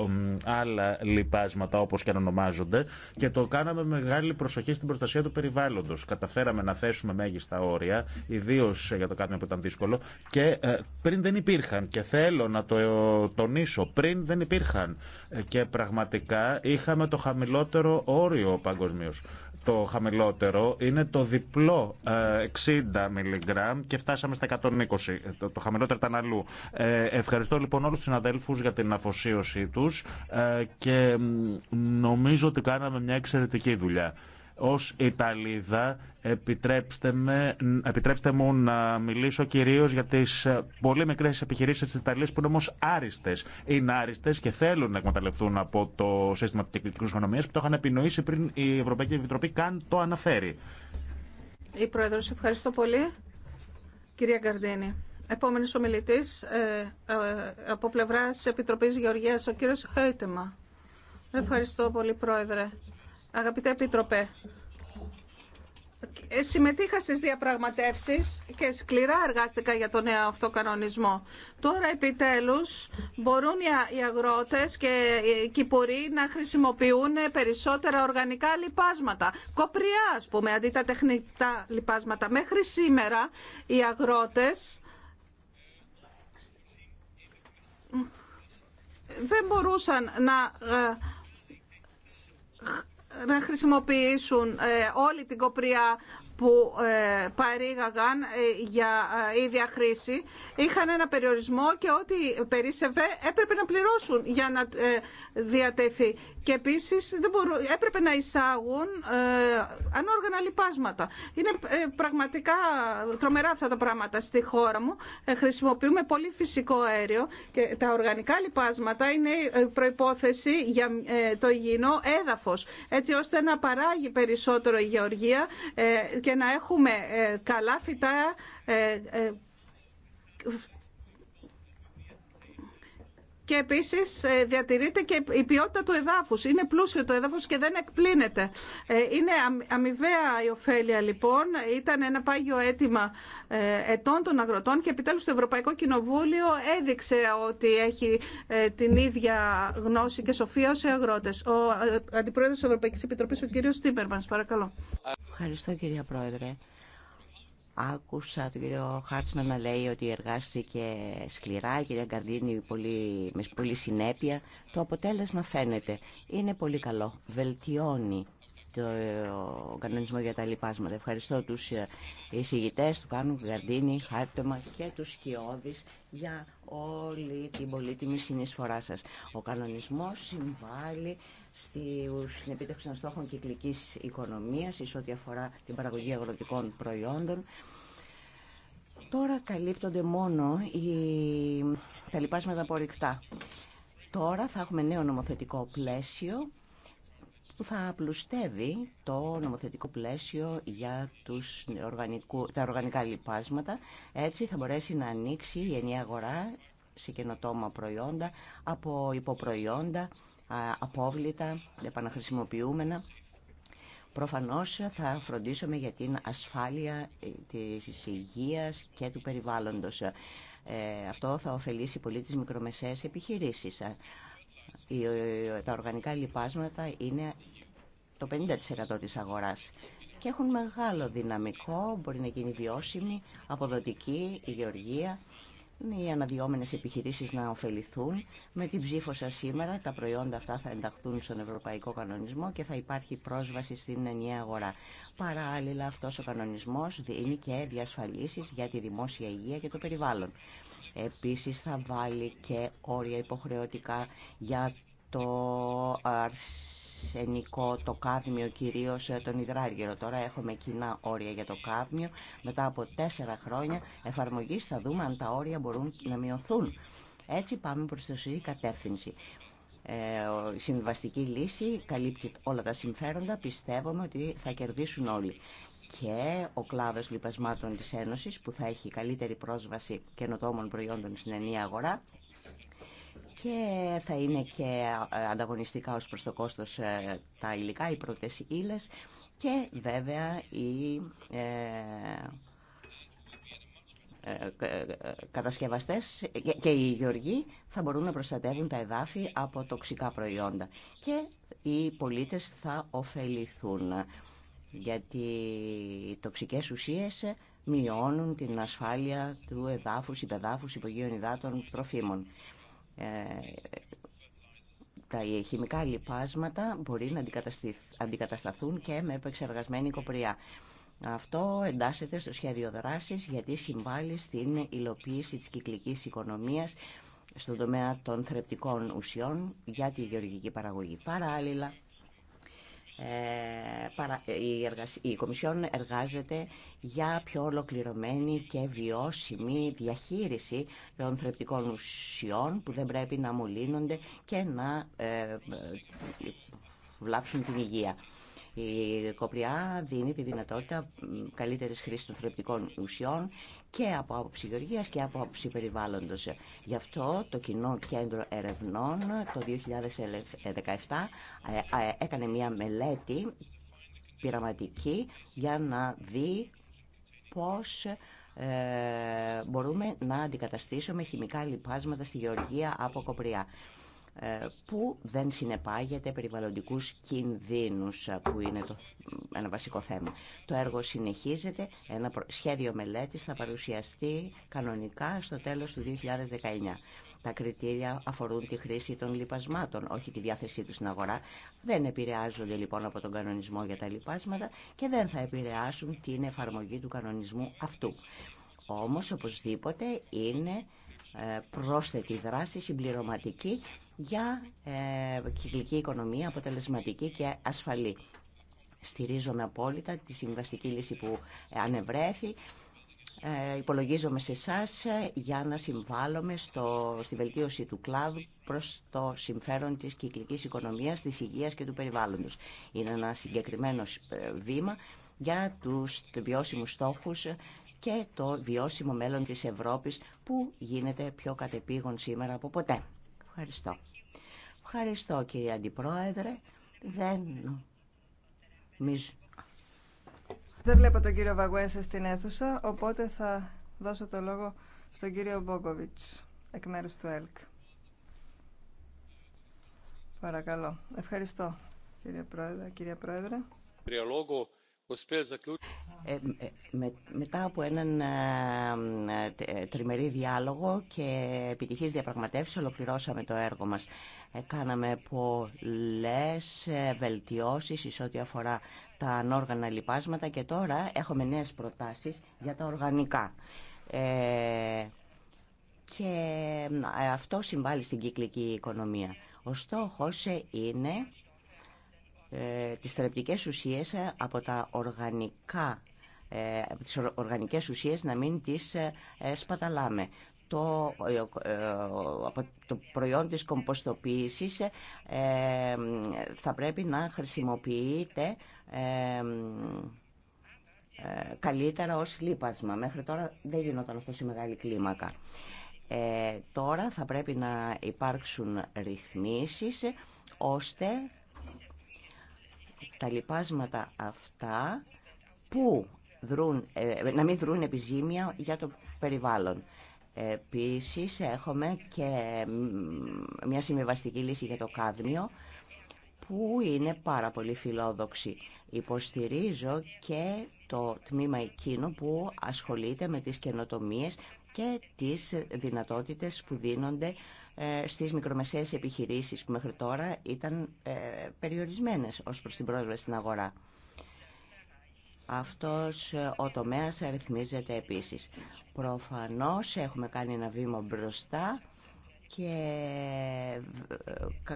άλλα λοιπάσματα όπως και αν ονομάζονται και το κάναμε μεγάλη προσοχή στην προστασία του περιβάλλοντος. Καταφέραμε να θέσουμε μέγιστα όρια, ιδίω για το κάτι που ήταν δύσκολο και ε, πριν δεν υπήρχαν και θέλω να το ε, τονίσω, πριν δεν υπήρχαν και πραγματικά είχαμε το χαμηλότερο όριο παγκοσμίω το χαμηλότερο είναι το διπλό 60 ε, μιλιγκράμμ και φτάσαμε στα 120. Το, χαμηλότερο ήταν αλλού. Ε, ευχαριστώ λοιπόν όλους τους συναδέλφους για την αφοσίωσή τους ε, και νομίζω ότι κάναμε μια εξαιρετική δουλειά. Ως Ιταλίδα επιτρέψτε, με, επιτρέψτε μου να μιλήσω κυρίως για τις ε, πολύ μικρές επιχειρήσεις της Ιταλίας που είναι όμως άριστες. Είναι άριστες και θέλουν να εκμεταλλευτούν από το σύστημα της κυκλικής οικονομίας που το είχαν επινοήσει πριν η Ευρωπαϊκή Επιτροπή καν το αναφέρει. Η Πρόεδρος, ευχαριστώ πολύ. Κυρία Γκαρδίνη. Επόμενο ομιλητή ε, ε, από πλευρά τη Επιτροπή Γεωργία, ο κύριο Χέιτεμα. Ευχαριστώ πολύ, Πρόεδρε. Αγαπητέ Επίτροπε, ε, συμμετείχα στις διαπραγματεύσεις και σκληρά εργάστηκα για τον νέο αυτό Τώρα επιτέλους μπορούν οι αγρότες και οι κυπουροί να χρησιμοποιούν περισσότερα οργανικά λιπάσματα. Κοπριά, ας πούμε, αντί τα τεχνητά λιπάσματα. Μέχρι σήμερα οι αγρότες δεν μπορούσαν να ε, να χρησιμοποιήσουν ε, όλη την κοπριά που ε, παρήγαγαν ε, για ε, ίδια χρήση είχαν ένα περιορισμό και ό,τι περίσσευε έπρεπε να πληρώσουν για να διατεθεί. Και επίσης δεν μπορού, έπρεπε να εισάγουν ανόργανα λοιπάσματα. Είναι πραγματικά τρομερά αυτά τα πράγματα στη χώρα μου. Χρησιμοποιούμε πολύ φυσικό αέριο και τα οργανικά λιπάσματα είναι προϋπόθεση για το υγιεινό έδαφος έτσι ώστε να παράγει περισσότερο η γεωργία και να έχουμε ε, καλά φυτά ε, ε, και επίσης ε, διατηρείται και η ποιότητα του εδάφους. Είναι πλούσιο το εδάφος και δεν εκπλήνεται. Ε, είναι αμοιβαία η ωφέλεια λοιπόν. Ήταν ένα πάγιο αίτημα ε, ετών των αγροτών και επιτέλους το Ευρωπαϊκό Κοινοβούλιο έδειξε ότι έχει την ίδια γνώση και σοφία ως οι αγρότες. Ο Αντιπρόεδρος τη Ευρωπαϊκή Επιτροπής, ο κύριος Τίμπερμαν, παρακαλώ. Ευχαριστώ κυρία Πρόεδρε. Άκουσα τον κύριο Χάρτσμαν να λέει ότι εργάστηκε σκληρά, η κυρία Γκαρδίνη πολύ, με πολύ συνέπεια. Το αποτέλεσμα φαίνεται. Είναι πολύ καλό. Βελτιώνει το κανονισμό για τα λοιπάσματα. Ευχαριστώ τους ε, εισηγητές του Κάνου, Γκαρδίνη, Χάρτεμα και τους Σκιώδης για όλη την πολύτιμη συνεισφορά σας. Ο κανονισμός συμβάλλει στην επίτευξη των στόχων κυκλικής οικονομίας, εις ό,τι αφορά την παραγωγή αγροτικών προϊόντων. Τώρα καλύπτονται μόνο οι... τα λοιπάσματα απορριχτά. Τώρα θα έχουμε νέο νομοθετικό πλαίσιο που θα απλουστεύει το νομοθετικό πλαίσιο για τους οργανικού, τα οργανικά λοιπάσματα. Έτσι θα μπορέσει να ανοίξει η ενιαία αγορά σε καινοτόμα προϊόντα από υποπροϊόντα ε, απόβλητα, επαναχρησιμοποιούμενα. Προφανώς θα φροντίσουμε για την ασφάλεια ε, της υγείας και του περιβάλλοντος. Ε, αυτό θα ωφελήσει πολύ τις μικρομεσαίες επιχειρήσεις. τα οργανικά λιπάσματα είναι το 50% της αγοράς και έχουν μεγάλο δυναμικό, μπορεί να γίνει βιώσιμη, αποδοτική η γεωργία οι αναδυόμενε επιχειρήσεις να ωφεληθούν. Με την ψήφο σα σήμερα τα προϊόντα αυτά θα ενταχθούν στον Ευρωπαϊκό Κανονισμό και θα υπάρχει πρόσβαση στην ενιαία αγορά. Παράλληλα αυτός ο κανονισμός δίνει και διασφαλίσει για τη δημόσια υγεία και το περιβάλλον. Επίσης θα βάλει και όρια υποχρεωτικά για το ενικό το κάδμιο κυρίως ε, τον υδράργυρο. Τώρα έχουμε κοινά όρια για το κάδμιο. Μετά από τέσσερα χρόνια εφαρμογής θα δούμε αν τα όρια μπορούν να μειωθούν. Έτσι πάμε προς τη σωστή κατεύθυνση. Ε, η συμβαστική λύση καλύπτει όλα τα συμφέροντα. Πιστεύουμε ότι θα κερδίσουν όλοι και ο κλάδος λοιπασμάτων της Ένωσης που θα έχει καλύτερη πρόσβαση καινοτόμων προϊόντων στην ενία αγορά και θα είναι και ε, ανταγωνιστικά ως προς το κόστος ε, τα υλικά, οι πρώτες ύλες και βέβαια οι ε, κατασκευαστές και οι γεωργοί θα μπορούν να προστατεύουν τα εδάφη από τοξικά προϊόντα και οι πολίτες θα ωφεληθούν γιατί οι τοξικές ουσίες μειώνουν την ασφάλεια του εδάφους, υπεδάφους, υπογείων υδάτων, τροφίμων. Ε, τα χημικά λιπάσματα μπορεί να αντικατασταθούν και με επεξεργασμένη κοπριά. Αυτό εντάσσεται στο σχέδιο δράση γιατί συμβάλλει στην υλοποίηση της κυκλικής οικονομίας στον τομέα των θρεπτικών ουσιών για τη γεωργική παραγωγή. Παράλληλα, ε, η Κομισιόν εργάζεται για πιο ολοκληρωμένη και βιώσιμη διαχείριση των θρεπτικών ουσιών που δεν πρέπει να μολύνονται και να ε, βλάψουν την υγεία. Η κοπριά δίνει τη δυνατότητα καλύτερης χρήσης των θρεπτικών ουσιών και από άποψη γεωργίας και από άποψη περιβάλλοντος. Γι' αυτό το Κοινό Κέντρο Ερευνών το 2017 ε, ε, έκανε μια μελέτη πειραματική για να δει πώς ε, μπορούμε να αντικαταστήσουμε χημικά λιπάσματα στη γεωργία από κοπριά. Ε, που δεν συνεπάγεται περιβαλλοντικούς κινδύνους ε, που είναι το, ένα βασικό θέμα. Το έργο συνεχίζεται, ένα σχέδιο μελέτης θα παρουσιαστεί κανονικά στο τέλος του 2019. Τα κριτήρια αφορούν τη χρήση των λοιπασμάτων, όχι τη διάθεσή του στην αγορά. Δεν επηρεάζονται λοιπόν από τον κανονισμό για τα λοιπάσματα και δεν θα επηρεάσουν την εφαρμογή του κανονισμού αυτού. Όμως, οπωσδήποτε, είναι ε, πρόσθετη δράση συμπληρωματική για ε, κυκλική οικονομία αποτελεσματική και ασφαλή. Στηρίζομαι απόλυτα τη συμβαστική λύση που ε, ανεβρέθη. Ε, υπολογίζομαι σε εσά ε, για να συμβάλλουμε στο, στη βελτίωση του κλάδου προς το συμφέρον της κυκλικής οικονομίας, της υγείας και του περιβάλλοντος. Είναι ένα συγκεκριμένο ε, βήμα για τους βιώσιμους στόχους και το βιώσιμο μέλλον της Ευρώπης που γίνεται πιο κατεπήγον σήμερα από ποτέ. Ευχαριστώ. Ευχαριστώ κύριε Αντιπρόεδρε. Δεν... Δεν βλέπω τον κύριο Βαγουέσα στην αίθουσα, οπότε θα δώσω το λόγο στον κύριο Μπόγκοβιτς, εκ μέρους του ΕΛΚ. Παρακαλώ. Ευχαριστώ, κύριε Πρόεδρε. Κύριε Πρόεδρε. Ε, ε, μετά από έναν ε, τριμερή διάλογο και επιτυχής διαπραγματεύσεις ολοκληρώσαμε το έργο μας. κάναμε πολλές βελτιώσεις σε ό,τι αφορά τα ανόργανα λοιπάσματα και τώρα έχουμε νέες προτάσεις για τα οργανικά. Και αυτό συμβάλλει στην κυκλική οικονομία. Ο στόχος είναι ε, τις θρεπτικές ουσίες ε, από τα οργανικά ε, από τις οργανικές ουσίες να μην τις σπαταλάμε. Το, από το προϊόν της κομποστοποίησης θα πρέπει να χρησιμοποιείται καλύτερα ως λίπασμα. Μέχρι τώρα δεν γινόταν αυτό σε μεγάλη κλίμακα. τώρα θα πρέπει να υπάρξουν ρυθμίσεις ώστε τα λοιπάσματα αυτά που δρούν, ε, να μην δρούν επιζήμια για το περιβάλλον. Επίσης έχουμε και μια συμβιβαστική λύση για το κάδμιο που είναι πάρα πολύ φιλόδοξη. Υποστηρίζω και το τμήμα εκείνο που ασχολείται με τις καινοτομίες και τις δυνατότητες που δίνονται ε, στις μικρομεσαίες επιχειρήσεις που μέχρι τώρα ήταν ε, περιορισμένες ως προς την πρόσβαση στην αγορά. Αυτός ε, ο τομέας αριθμίζεται επίσης. Προφανώς έχουμε κάνει ένα βήμα μπροστά και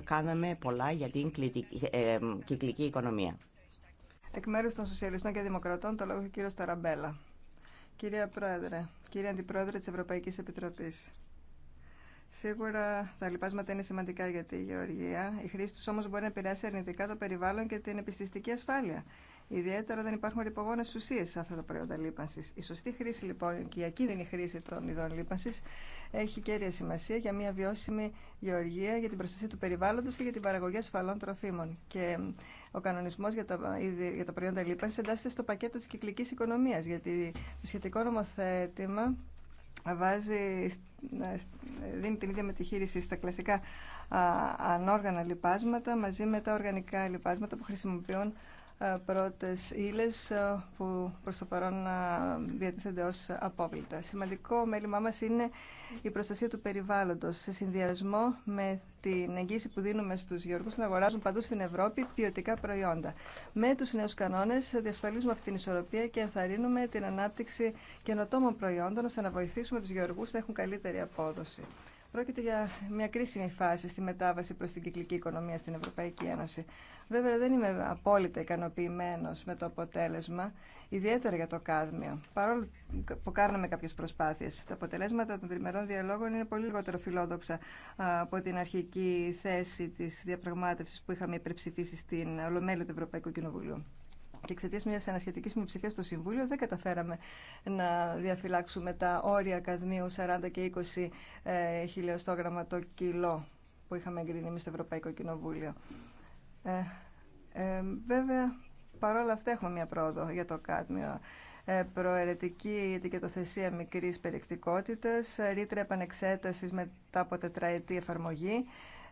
κάναμε πολλά για την κυκλική οικονομία. Εκ μέρους των Σοσιαλιστών και Δημοκρατών, το λόγο έχει ο κύριος Ταραμπέλα. Κυρία Πρόεδρε, κύριε Αντιπρόεδρε της Ευρωπαϊκής Επιτροπής, Σίγουρα τα λοιπάσματα είναι σημαντικά για τη γεωργία. Η χρήση του όμω μπορεί να επηρεάσει αρνητικά το περιβάλλον και την επιστηστική ασφάλεια. Ιδιαίτερα δεν υπάρχουν ρηπογόνε ουσίε σε αυτά τα προϊόντα λίπανση. Η σωστή χρήση λοιπόν και η ακίνδυνη χρήση των ειδών λίπανση έχει κέρια σημασία για μια βιώσιμη γεωργία, για την προστασία του περιβάλλοντο και για την παραγωγή ασφαλών τροφίμων. Και ο κανονισμό για, τα, για τα προϊόντα λίπανση εντάσσεται στο πακέτο τη κυκλική οικονομία, γιατί το σχετικό νομοθέτημα βάζει, ε, ε, δίνει την ίδια μεταχείριση στα κλασικά ανόργανα λιπάσματα μαζί με τα οργανικά λιπάσματα που χρησιμοποιούν ε, πρώτες ύλες ε, που προς το παρόν ε, διατίθενται ως απόβλητα. Σημαντικό μέλημά μας είναι η προστασία του περιβάλλοντος σε συνδυασμό με την εγγύηση που δίνουμε στους γεωργούς να αγοράζουν παντού στην Ευρώπη ποιοτικά προϊόντα. Με τους νέους κανόνες διασφαλίζουμε αυτή την ισορροπία και ενθαρρύνουμε την ανάπτυξη καινοτόμων προϊόντων ώστε να βοηθήσουμε τους γεωργούς να έχουν καλύτερη απόδοση. Πρόκειται για μια κρίσιμη φάση στη μετάβαση προς την κυκλική οικονομία στην Ευρωπαϊκή Ένωση. Βέβαια δεν είμαι απόλυτα ικανοποιημένο με το αποτέλεσμα, ιδιαίτερα για το κάδμιο. Παρόλο που κάναμε κάποιες προσπάθειες, τα αποτελέσματα των τριμερών διαλόγων είναι πολύ λιγότερο φιλόδοξα από την αρχική θέση της διαπραγμάτευσης που είχαμε υπερψηφίσει στην Ολομέλεια του Ευρωπαϊκού Κοινοβουλίου και εξαιτία μια ανασχετική μειοψηφία στο Συμβούλιο δεν καταφέραμε να διαφυλάξουμε τα όρια καδμίου 40 και 20 ε, χιλιοστόγραμμα το κιλό που είχαμε εγκρίνει εμεί στο Ευρωπαϊκό Κοινοβούλιο. Ε, ε, βέβαια, παρόλα αυτά έχουμε μια πρόοδο για το κάδμιο. Ε, προαιρετική ετικετοθεσία μικρής περιεκτικότητας, ρήτρα επανεξέτασης μετά από τετραετή εφαρμογή,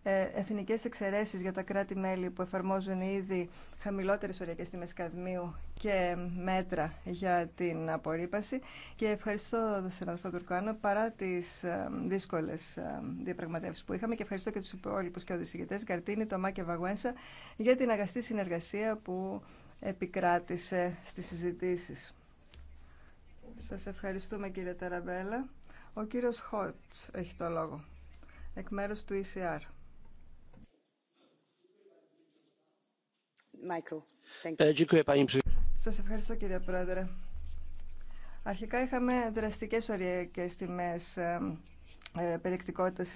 ε, εθνικές εξαιρέσεις για τα κράτη-μέλη που εφαρμόζουν ήδη χαμηλότερες οριακές τιμές καδμίου και μέτρα για την απορρίπαση. Και ευχαριστώ τον συναδελφό Τουρκάνο παρά τις ε, δύσκολες ε, διαπραγματεύσεις που είχαμε και ευχαριστώ και τους υπόλοιπους και οδησηγητές Γκαρτίνη, Τωμά και Βαγουένσα για την αγαστή συνεργασία που επικράτησε στις συζητήσεις. Σας ευχαριστούμε κύριε Ταραμπέλα. Ο κύριος Χότ έχει το λόγο, εκ μέρους του ECR. Ε, Σας ευχαριστώ κύριε Πρόεδρε. Αρχικά είχαμε δραστικές οριακές τιμές ε, ε, περιεκτικότητας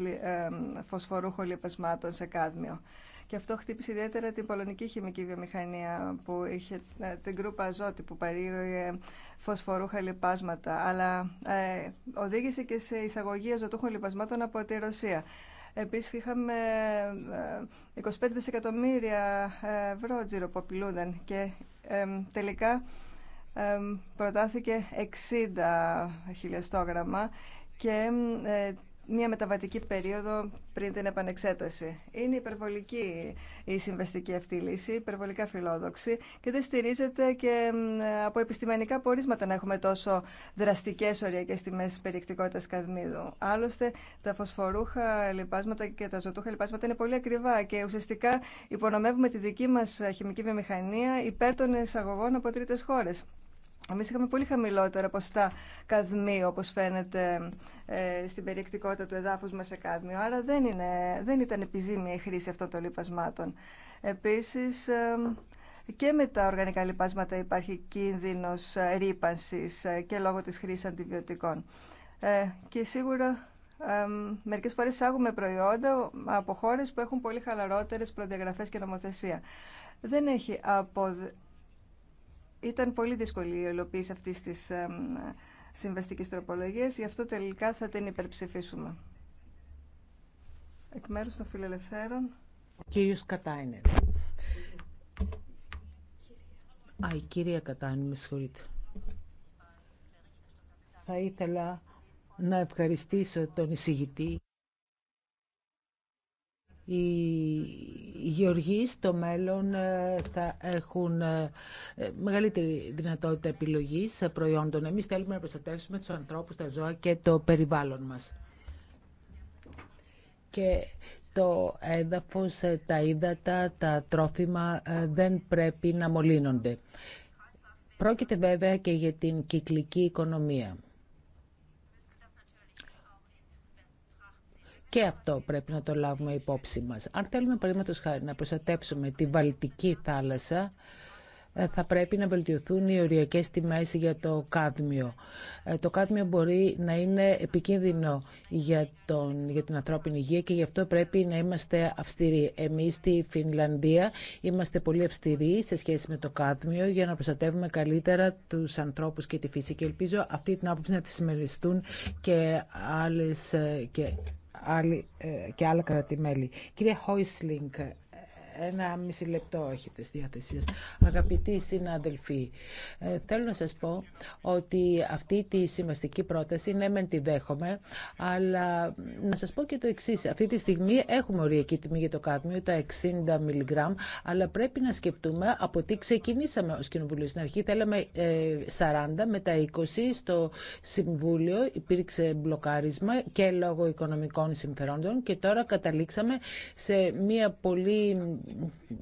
φωσφορούχων λιπασμάτων σε κάδμιο. Και αυτό χτύπησε ιδιαίτερα την πολωνική χημική βιομηχανία που είχε την κρούπα αζώτη που παρήγαγε φωσφορούχα λιπάσματα αλλά οδήγησε και σε εισαγωγή αζωτούχων λιπασμάτων από τη Ρωσία. Επίσης είχαμε 25 ε, δισεκατομμύρια ε, ευρώ τζίρο που και τελικά προτάθηκε 60 χιλιοστόγραμμα και ε, μια μεταβατική περίοδο πριν την επανεξέταση. Είναι υπερβολική η συμβαστική αυτή λύση, υπερβολικά φιλόδοξη και δεν στηρίζεται και από επιστημονικά πορίσματα να έχουμε τόσο δραστικές οριακέ τιμέ περιεκτικότητας καδμίδου. Άλλωστε, τα φωσφορούχα λοιπάσματα και τα ζωτούχα λοιπάσματα είναι πολύ ακριβά και ουσιαστικά υπονομεύουμε τη δική μα χημική βιομηχανία υπέρ των εισαγωγών από τρίτε χώρε. Εμεί είχαμε πολύ χαμηλότερα ποστά καδμίου, όπω φαίνεται ε, στην περιεκτικότητα του εδάφου μα σε καδμίο. Άρα δεν, ήταν επιζήμια η χρήση αυτών των λοιπασμάτων. Επίση, ε, και με τα οργανικά λοιπάσματα υπάρχει κίνδυνο ρήπανση ε, και λόγω τη χρήση αντιβιωτικών. και σίγουρα ε, μερικές φορές εισάγουμε προϊόντα από χώρες που έχουν πολύ χαλαρότερες προδιαγραφές και νομοθεσία. Δεν έχει αποδε... Ήταν πολύ δύσκολη η ολοποίηση αυτής της συμβαστική τροπολογία. γι' αυτό τελικά θα την υπερψηφίσουμε. Εκ μέρου των φιλελευθέρων. Κύριο κύριος Κατάινεν. Α, η κυρία Κατάινερ, με συγχωρείτε. Θα ήθελα να ευχαριστήσω τον εισηγητή γεωργοί στο μέλλον ε, θα έχουν ε, ε, μεγαλύτερη δυνατότητα επιλογής προϊόντων. Εμείς θέλουμε να προστατεύσουμε τους ανθρώπους, τα ζώα και το περιβάλλον μας. Και το έδαφος, τα ύδατα, τα τρόφιμα δεν πρέπει να μολύνονται. Πρόκειται βέβαια και για την κυκλική οικονομία. Και αυτό πρέπει να το λάβουμε υπόψη μας. Αν θέλουμε, παραδείγματος χάρη, να προστατεύσουμε τη Βαλτική θάλασσα, ε, θα πρέπει να βελτιωθούν οι οριακές τιμές για το κάδμιο. Ε, το κάδμιο μπορεί να είναι επικίνδυνο για, τον, για την ανθρώπινη υγεία και γι' αυτό πρέπει να είμαστε αυστηροί. Εμείς στη Φινλανδία είμαστε πολύ αυστηροί σε σχέση με το κάδμιο για να προστατεύουμε καλύτερα τους ανθρώπους και τη φύση και ελπίζω αυτή την άποψη να τη συμμεριστούν και άλλες ε, και ε, και άλλα κρατημέλη. Κύριε Χόισλινγκ, ένα μισή λεπτό έχετε στη διάθεσή σα. Αγαπητοί συναδελφοί, ε, θέλω να σας πω ότι αυτή τη σημαστική πρόταση, ναι μεν τη δέχομαι, αλλά να σας πω και το εξή. Αυτή τη στιγμή έχουμε οριακή τιμή για το κάδμιο, τα 60 μιλιγκράμμ, αλλά πρέπει να σκεφτούμε από τι ξεκινήσαμε ως Κοινοβουλίο. Στην αρχή θέλαμε 40 με 20 στο Συμβούλιο, υπήρξε μπλοκάρισμα και λόγω οικονομικών συμφερόντων και τώρα καταλήξαμε σε μια πολύ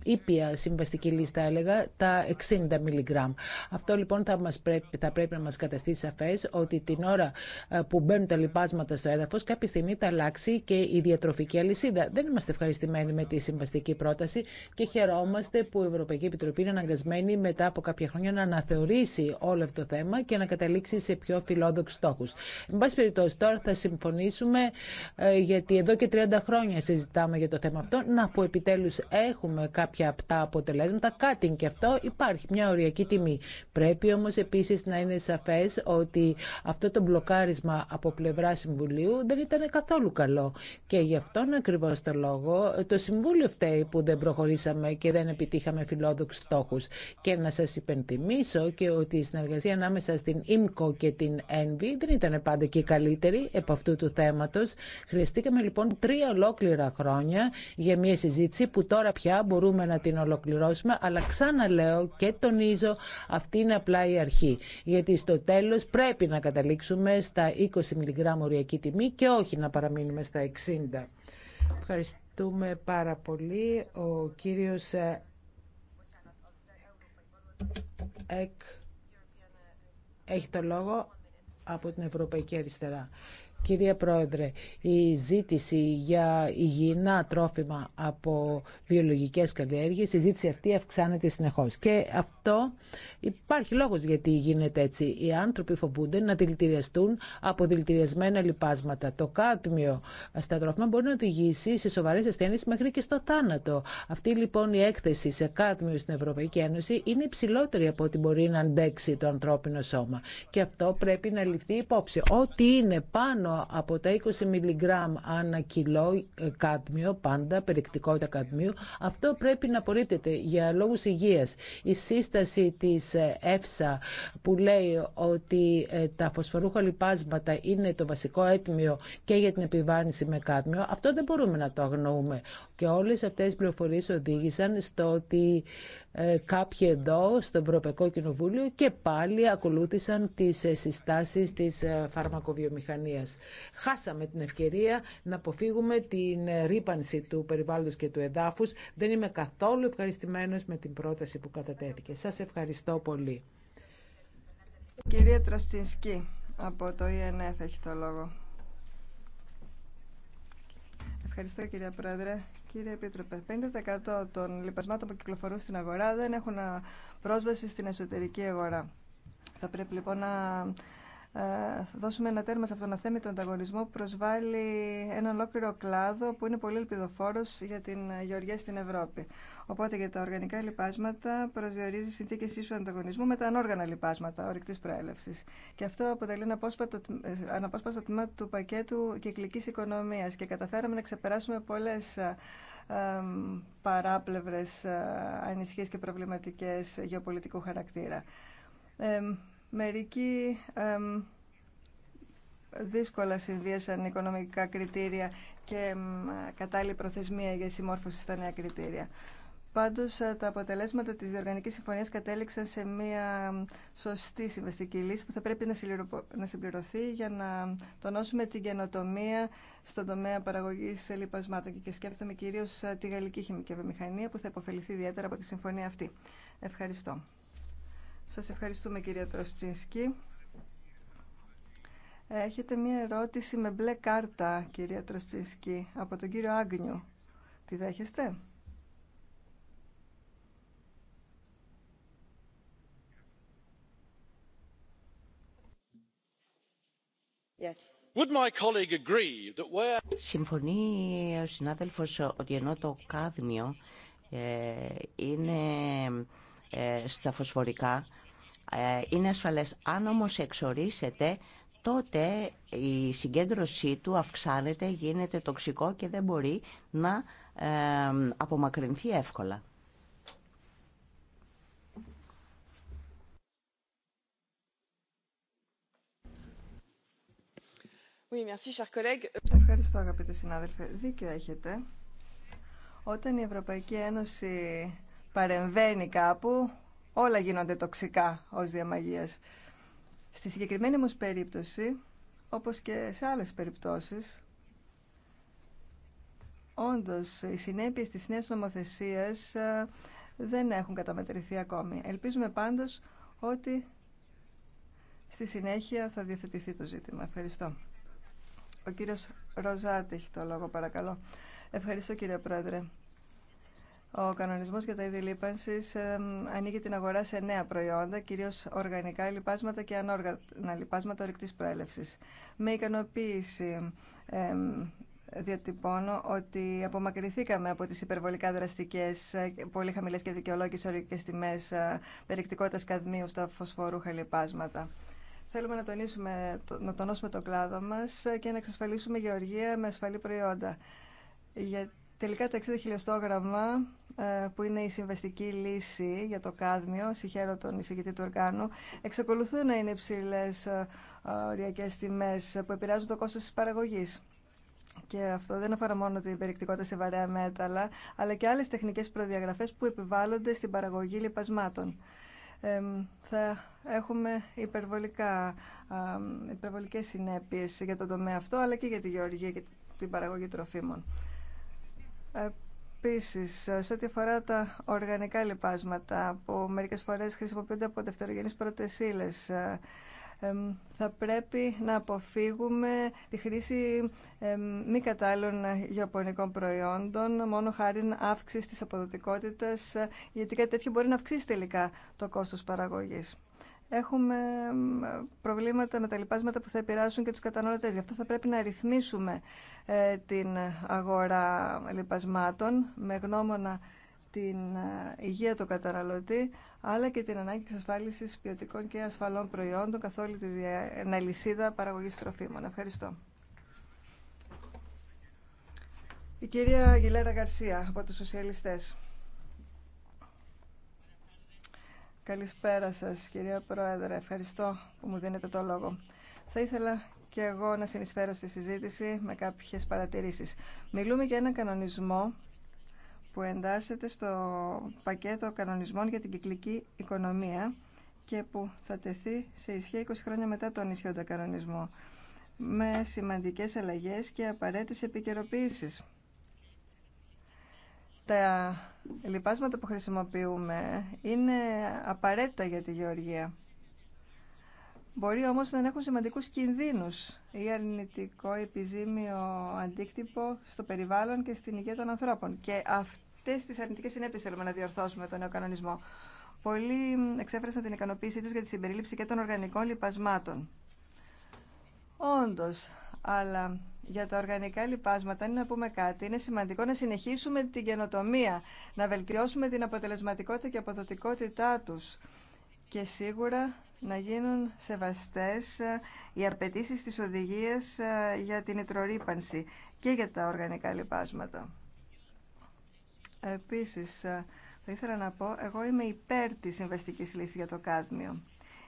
ήπια συμβαστική λίστα έλεγα τα 60 μιλιγκράμμ. Αυτό λοιπόν θα, μας πρέπει, θα πρέπει να μας καταστήσει σαφές ότι την ώρα ε, που μπαίνουν τα λοιπάσματα στο έδαφος κάποια στιγμή θα αλλάξει και η διατροφική αλυσίδα. Δεν είμαστε ευχαριστημένοι με τη συμβαστική πρόταση και χαιρόμαστε που η Ευρωπαϊκή Επιτροπή είναι αναγκασμένη μετά από κάποια χρόνια να αναθεωρήσει όλο αυτό το θέμα και να καταλήξει σε πιο φιλόδοξου στόχους. Εν πάση περιπτώσει τώρα θα συμφωνήσουμε ε, γιατί εδώ και 30 χρόνια συζητάμε για το θέμα αυτό να που επιτέλους έχουμε έχουμε κάποια απτά αποτελέσματα, κάτι και αυτό υπάρχει μια οριακή τιμή. Πρέπει όμω επίση να είναι σαφέ ότι αυτό το μπλοκάρισμα από πλευρά Συμβουλίου δεν ήταν καθόλου καλό. Και γι' αυτόν ακριβώ το λόγο το Συμβούλιο φταίει που δεν προχωρήσαμε και δεν επιτύχαμε φιλόδοξου στόχου. Και να σα υπενθυμίσω και ότι η συνεργασία ανάμεσα στην ΙΜΚΟ και την ΕΝΒΗ δεν ήταν πάντα και η καλύτερη από αυτού του θέματο. Χρειαστήκαμε λοιπόν τρία ολόκληρα χρόνια για μια συζήτηση που τώρα πια, μπορούμε να την ολοκληρώσουμε, αλλά ξαναλέω και τονίζω, αυτή είναι απλά η αρχή. Γιατί στο τέλος πρέπει να καταλήξουμε στα 20 mg τιμή και όχι να παραμείνουμε στα 60. Ευχαριστούμε πάρα πολύ. Ο κύριος ε, Εκ έχει το λόγο από την Ευρωπαϊκή Αριστερά. Κυρία Πρόεδρε, η ζήτηση για υγιεινά τρόφιμα από βιολογικές καλλιέργειες, η ζήτηση αυτή αυξάνεται συνεχώς. Και αυτό υπάρχει λόγος γιατί γίνεται έτσι. Οι άνθρωποι φοβούνται να δηλητηριαστούν από δηλητηριασμένα λιπάσματα. Το κάτμιο στα τρόφιμα μπορεί να οδηγήσει σε σοβαρές ασθένειες μέχρι και στο θάνατο. Αυτή λοιπόν η έκθεση σε κάτμιο στην Ευρωπαϊκή Ένωση είναι υψηλότερη από ό,τι μπορεί να αντέξει το ανθρώπινο σώμα. Και αυτό πρέπει να ληφθεί υπόψη. Ό,τι είναι πάνω από τα 20 μιλιγκράμμ ανά κιλό ε, κάτμιο, πάντα περιεκτικότητα κάτμιου. αυτό πρέπει να απορρίπτεται για λόγους υγείας. Η σύσταση της ΕΦΣΑ που λέει ότι ε, τα φωσφορούχα λιπάσματα είναι το βασικό έτμιο και για την επιβάρυνση με κάτμιο, αυτό δεν μπορούμε να το αγνοούμε. Και όλες αυτές οι πληροφορίες οδήγησαν στο ότι ε, κάποιοι εδώ στο Ευρωπαϊκό Κοινοβούλιο και πάλι ακολούθησαν τις ε, συστάσεις της ε, φαρμακοβιομηχανίας. Χάσαμε την ευκαιρία να αποφύγουμε την ρήπανση του περιβάλλοντος και του εδάφους. Δεν είμαι καθόλου ευχαριστημένος με την πρόταση που κατατέθηκε. Σας ευχαριστώ πολύ. Κυρία Τροστινσκή, από το Ευχαριστώ κυρία Πρόεδρε. Κύριε Επίτροπε, 50% των λοιπασμάτων που κυκλοφορούν στην αγορά δεν έχουν ε, πρόσβαση στην εσωτερική αγορά. Θα πρέπει λοιπόν να ε, δώσουμε ένα τέρμα σε αυτόν τον αθέμητο ανταγωνισμό που προσβάλλει ένα ολόκληρο κλάδο που είναι πολύ ελπιδοφόρο για την γεωργία στην Ευρώπη. Οπότε για τα οργανικά λιπάσματα προσδιορίζει συνθήκε ίσου ανταγωνισμού με τα ανόργανα λοιπάσματα ορυκτή προέλευση. Και αυτό αποτελεί ένα αναπόσπαστο ε, τμήμα του πακέτου κυκλική οικονομία και καταφέραμε να ξεπεράσουμε πολλέ ε, παράπλευρε ανησυχίες και προβληματικέ γεωπολιτικού χαρακτήρα. Μερικοί δύσκολα συνδύασαν οικονομικά κριτήρια και κατάλληλη προθεσμία για συμμόρφωση στα νέα κριτήρια. Πάντως ε, τα αποτελέσματα της Διοργανικής Συμφωνίας κατέληξαν σε μια σωστή συμβαστική λύση που θα πρέπει να συμπληρωθεί για να τονώσουμε την καινοτομία στον τομέα παραγωγής λιπασμάτων και σκέφτομαι κυρίως ε, τη γαλλική χημική βιομηχανία που θα υποφεληθεί ιδιαίτερα από τη συμφωνία αυτή. Ευχαριστώ. Σας ευχαριστούμε κυρία Τροστσίνσκι. Έχετε μία ερώτηση με μπλε κάρτα, κυρία Τροστσίνσκι, από τον κύριο Άγνιου. Τη δέχεστε? Yes. Would my colleague agree that where... Συμφωνεί ο συνάδελφος ότι ενώ το κάδμιο ε, είναι ε, στα φωσφορικά ε, είναι ασφαλές. Αν όμως εξορίσετε, τότε η συγκέντρωσή του αυξάνεται, γίνεται τοξικό και δεν μπορεί να ε, απομακρυνθεί εύκολα. Ευχαριστώ αγαπητέ συνάδελφε. Δίκιο έχετε. Όταν η Ευρωπαϊκή Ένωση παρεμβαίνει κάπου, όλα γίνονται τοξικά ως διαμαγείας. Στη συγκεκριμένη μου περίπτωση, όπως και σε άλλες περιπτώσεις, όντως οι συνέπειες της νέας νομοθεσίας ε, δεν έχουν καταμετρηθεί ακόμη. Ελπίζουμε πάντως ότι στη συνέχεια θα διαθετηθεί το ζήτημα. Ευχαριστώ. Ο κύριος Ροζάτη το λόγο, παρακαλώ. Ευχαριστώ κύριε Πρόεδρε. Ο κανονισμός για τα είδη λίπανσης ε, ανοίγει την αγορά σε νέα προϊόντα, κυρίως οργανικά λιπάσματα και ανόργανα λιπάσματα ορυκτής προέλευσης. Με ικανοποίηση διατυπώνω ότι απομακρυνθήκαμε από τις υπερβολικά δραστικές, ε, πολύ χαμηλές και δικαιολόγες ορικές τιμές ε, περιεκτικότητας καδμίου στα φωσφορούχα λιπάσματα. Θέλουμε να, τονίσουμε, να τονώσουμε το κλάδο μας και να εξασφαλίσουμε γεωργία με ασφαλή προϊόντα. Τελικά τα 60 χιλιοστόγραμμα ε, που είναι η συμβαστική λύση για το κάδμιο, συγχαίρω τον εισηγητή του οργάνου, εξακολουθούν να είναι υψηλέ ε, ε, οριακέ τιμέ που επηρεάζουν το κόστο τη παραγωγή. Και αυτό δεν αφορά μόνο την περιεκτικότητα σε βαρέα μέταλλα, αλλά και άλλε τεχνικέ προδιαγραφέ που επιβάλλονται στην παραγωγή λιπασμάτων. Ε, θα έχουμε υπερβολικά, υπερβολικές συνέπειες για τον τομέα αυτό, αλλά και για τη γεωργία και την παραγωγή τροφίμων. Επίση, σε ό,τι αφορά τα οργανικά λοιπάσματα που μερικέ φορέ χρησιμοποιούνται από δευτερογενείς πρωτεσίλες, ε, θα πρέπει να αποφύγουμε τη χρήση μη κατάλληλων γεωπονικών προϊόντων μόνο χάρη αύξηση της αποδοτικότητας ε, γιατί κάτι τέτοιο μπορεί να αυξήσει τελικά το κόστος παραγωγής έχουμε προβλήματα με τα λοιπάσματα που θα επηρεάσουν και τους καταναλωτές. Γι' αυτό θα πρέπει να ρυθμίσουμε ε, την αγορά λοιπασμάτων με γνώμονα την ε, υγεία του καταναλωτή, αλλά και την ανάγκη ασφάλισης ποιοτικών και ασφαλών προϊόντων καθ' όλη την αλυσίδα παραγωγής τροφίμων. Ευχαριστώ. Η κυρία Γιλέρα Γκαρσία από τους Σοσιαλιστές. Καλησπέρα σας, κυρία Πρόεδρε. Ευχαριστώ που μου δίνετε το λόγο. Θα ήθελα και εγώ να συνεισφέρω στη συζήτηση με κάποιες παρατηρήσεις. Μιλούμε για έναν κανονισμό που εντάσσεται στο πακέτο κανονισμών για την κυκλική οικονομία και που θα τεθεί σε ισχύ 20 χρόνια μετά τον ισχύοντα κανονισμό με σημαντικές αλλαγές και απαραίτητες επικαιροποίησεις. Τα λοιπάσματα που χρησιμοποιούμε είναι απαραίτητα για τη γεωργία. Μπορεί όμως να έχουν σημαντικούς κινδύνους ή αρνητικό επιζήμιο αντίκτυπο στο περιβάλλον και στην υγεία των ανθρώπων. Και αυτές τις αρνητικές συνέπειες θέλουμε να διορθώσουμε τον νέο κανονισμό. Πολλοί εξέφρασαν την ικανοποίησή τους για τη συμπερίληψη και των οργανικών λοιπασμάτων. Όντως, αλλά για τα οργανικά λοιπάσματα, είναι να πούμε κάτι. Είναι σημαντικό να συνεχίσουμε την καινοτομία, να βελτιώσουμε την αποτελεσματικότητα και αποδοτικότητά τους και σίγουρα να γίνουν σεβαστές ε, οι απαιτήσει της οδηγίας ε, για την ητρορύπανση και για τα οργανικά λοιπάσματα. Επίσης, ε, θα ήθελα να πω, εγώ είμαι υπέρ της συμβαστικής λύσης για το κάδμιο.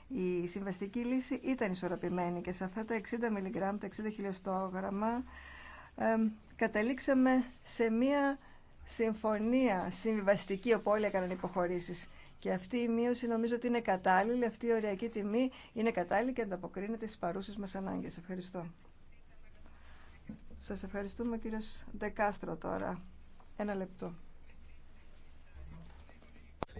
Η συμβαστική λύση ήταν ισορροπημένη και σε αυτά τα 60 μιλιγκράμμ, τα 60 χιλιοστόγραμμα, καταλήξαμε σε μία συμφωνία συμβιβαστική όπου όλοι έκαναν υποχωρήσεις. Και αυτή η μείωση νομίζω ότι είναι κατάλληλη, αυτή η ωριακή τιμή είναι κατάλληλη και ανταποκρίνεται στις παρούσες μας ανάγκες. Ευχαριστώ. Σας ευχαριστούμε Ντεκάστρο τώρα. Ένα λεπτό.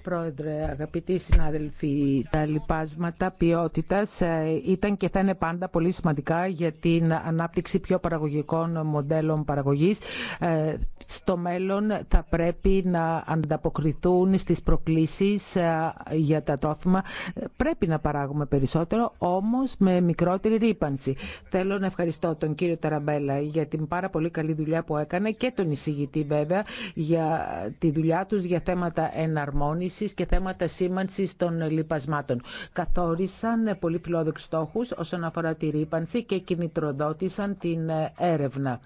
Πρόεδρε, αγαπητοί συνάδελφοι, τα λοιπάσματα ποιότητας ε, ήταν και θα είναι πάντα πολύ σημαντικά για την ανάπτυξη πιο παραγωγικών μοντέλων παραγωγής. Ε, στο μέλλον θα πρέπει να ανταποκριθούν στις προκλήσεις ε, για τα τρόφιμα. Πρέπει να παράγουμε περισσότερο, όμως με μικρότερη ρήπανση. Θέλω να ευχαριστώ τον κύριο Ταραμπέλα για την πάρα πολύ καλή δουλειά που έκανε και τον εισηγητή βέβαια για τη δουλειά τους για θέματα εναρμόνιση και θέματα σήμανση των λοιπασμάτων. Καθόρισαν πολύ φιλόδοξου στόχου όσον αφορά τη ρήπανση και κινητροδότησαν την έρευνα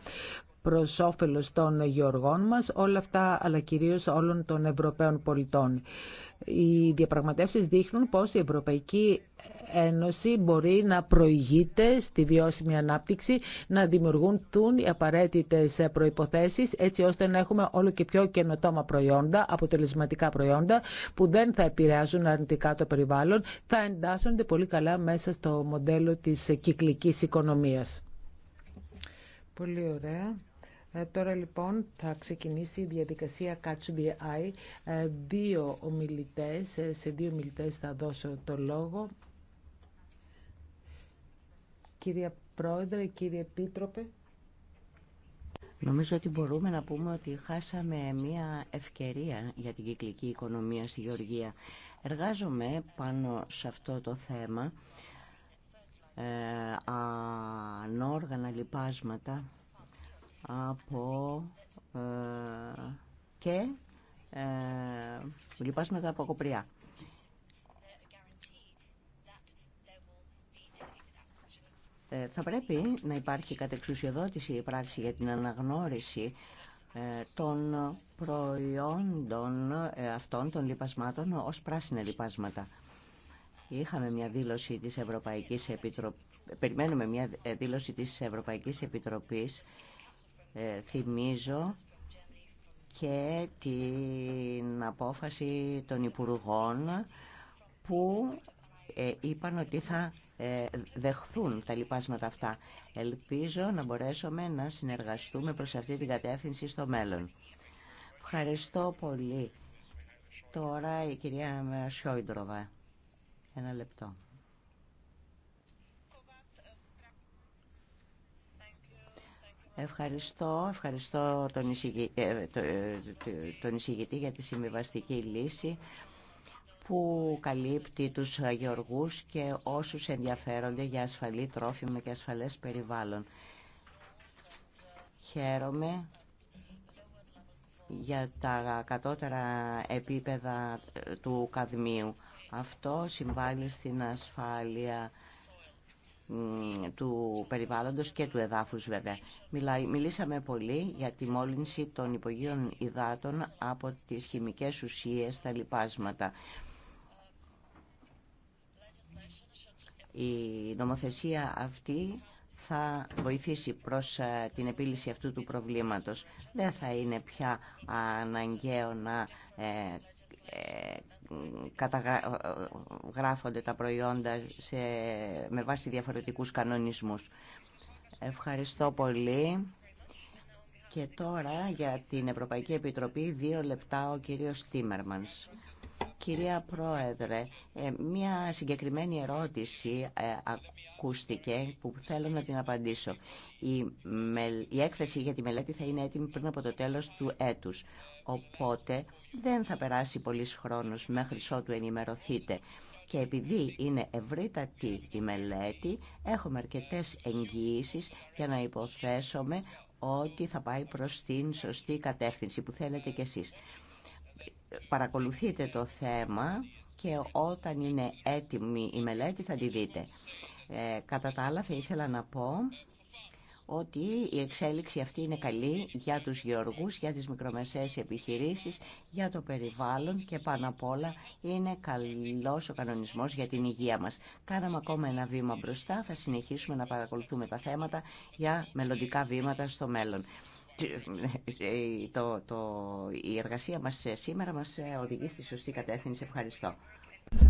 προ όφελο των γεωργών μα, όλα αυτά αλλά κυρίω όλων των Ευρωπαίων πολιτών. Οι διαπραγματεύσεις δείχνουν πως η Ευρωπαϊκή Ένωση μπορεί να προηγείται στη βιώσιμη ανάπτυξη, να δημιουργούν οι απαραίτητες προποθέσει, έτσι ώστε να έχουμε όλο και πιο καινοτόμα προϊόντα, αποτελεσματικά προϊόντα, που δεν θα επηρεάζουν αρνητικά το περιβάλλον, θα εντάσσονται πολύ καλά μέσα στο μοντέλο της κυκλικής οικονομίας. Πολύ ωραία. Ε, τώρα λοιπόν θα ξεκινήσει η διαδικασία Catch the Eye. Ε, δύο ομιλητές, ε, σε δύο ομιλητές θα δώσω το λόγο. Κύριε Πρόεδρε, κύριε Επίτροπε. Νομίζω ότι μπορούμε να πούμε ότι χάσαμε μια ευκαιρία για την κυκλική οικονομία στη Γεωργία. Εργάζομαι πάνω σε αυτό το θέμα, ε, ανόργανα λοιπάσματα από ε, και ε, από κοπριά. Ε, θα πρέπει να υπάρχει κατεξουσιοδότηση πράξη για την αναγνώριση ε, των προϊόντων αυτών των λιπασμάτων ως πράσινα λιπάσματα. Είχαμε μια δήλωση της Ευρωπαϊκής Επιτροπής, περιμένουμε μια δήλωση της Ευρωπαϊκής Επιτροπής ε, θυμίζω και την απόφαση των Υπουργών που ε, είπαν ότι θα ε, δεχθούν τα λοιπάσματα αυτά. Ελπίζω να μπορέσουμε να συνεργαστούμε προς αυτή την κατεύθυνση στο μέλλον. Ευχαριστώ πολύ. Τώρα η κυρία Σιόιντροβα. Ένα λεπτό. Ευχαριστώ, ευχαριστώ τον ε, ε, εισηγητή, τον για τη συμβιβαστική λύση που καλύπτει τους γεωργούς και όσους ενδιαφέρονται για ασφαλή τρόφιμα και ασφαλές περιβάλλον. Χαίρομαι για τα κατώτερα επίπεδα ε, του καδμίου. Αυτό συμβάλλει στην ασφάλεια του περιβάλλοντος και του εδάφους βέβαια. Μιλήσαμε πολύ για τη μόλυνση των υπογείων υδάτων από τις χημικές ουσίες, τα λοιπάσματα. Η νομοθεσία αυτή θα βοηθήσει προς ε, την επίλυση αυτού του προβλήματος. Δεν θα είναι πια αναγκαίο να ε, ε, καταγράφονται ε, ε, τα προϊόντα σε, με βάση διαφορετικούς κανονισμούς. Ευχαριστώ πολύ. Και τώρα για την Ευρωπαϊκή Επιτροπή δύο λεπτά ο κύριος Τίμερμανς. Κυρία Πρόεδρε, ε, μία συγκεκριμένη ερώτηση που θέλω να την απαντήσω. Η, η έκθεση για τη μελέτη θα είναι έτοιμη πριν από το τέλος του έτους. Οπότε δεν θα περάσει πολύς χρόνο μέχρι ότου ενημερωθείτε. Και επειδή είναι ευρύτατη η μελέτη, έχουμε αρκετέ εγγυήσει για να υποθέσουμε ότι θα πάει προς την σωστή κατεύθυνση που θέλετε κι εσείς. Παρακολουθείτε το θέμα και όταν είναι έτοιμη η μελέτη θα τη δείτε. Ε, κατά τα άλλα θα ήθελα να πω ότι η εξέλιξη αυτή είναι καλή για τους γεωργούς, για τις μικρομεσαίες επιχειρήσεις, για το περιβάλλον και πάνω απ' όλα είναι καλός ο κανονισμός για την υγεία μας. Κάναμε ακόμα ένα βήμα μπροστά, θα συνεχίσουμε να παρακολουθούμε τα θέματα για μελλοντικά βήματα στο μέλλον. Ε, το, το, η εργασία μας ε, σήμερα μας οδηγεί στη σωστή κατεύθυνση. Ευχαριστώ.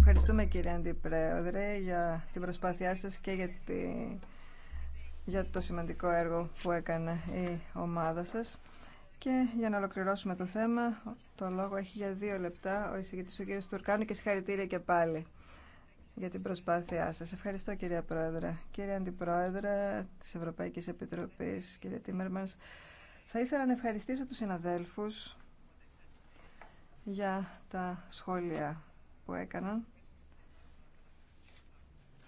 Ευχαριστούμε κύριε Αντιπρέοδρε για την προσπάθειά σας και για, τη... για το σημαντικό έργο που έκανε η ομάδα σας. Και για να ολοκληρώσουμε το θέμα, το λόγο έχει για δύο λεπτά ο εισηγητής ο κύριος Τουρκάνου και συγχαρητήρια και πάλι για την προσπάθειά σας. Ευχαριστώ κύριε Πρόεδρε. Κύριε Αντιπρόεδρε της Ευρωπαϊκής Επιτροπής, κύριε Τίμερμανς, θα ήθελα να ευχαριστήσω τους συναδέλφους για τα σχόλια που έκαναν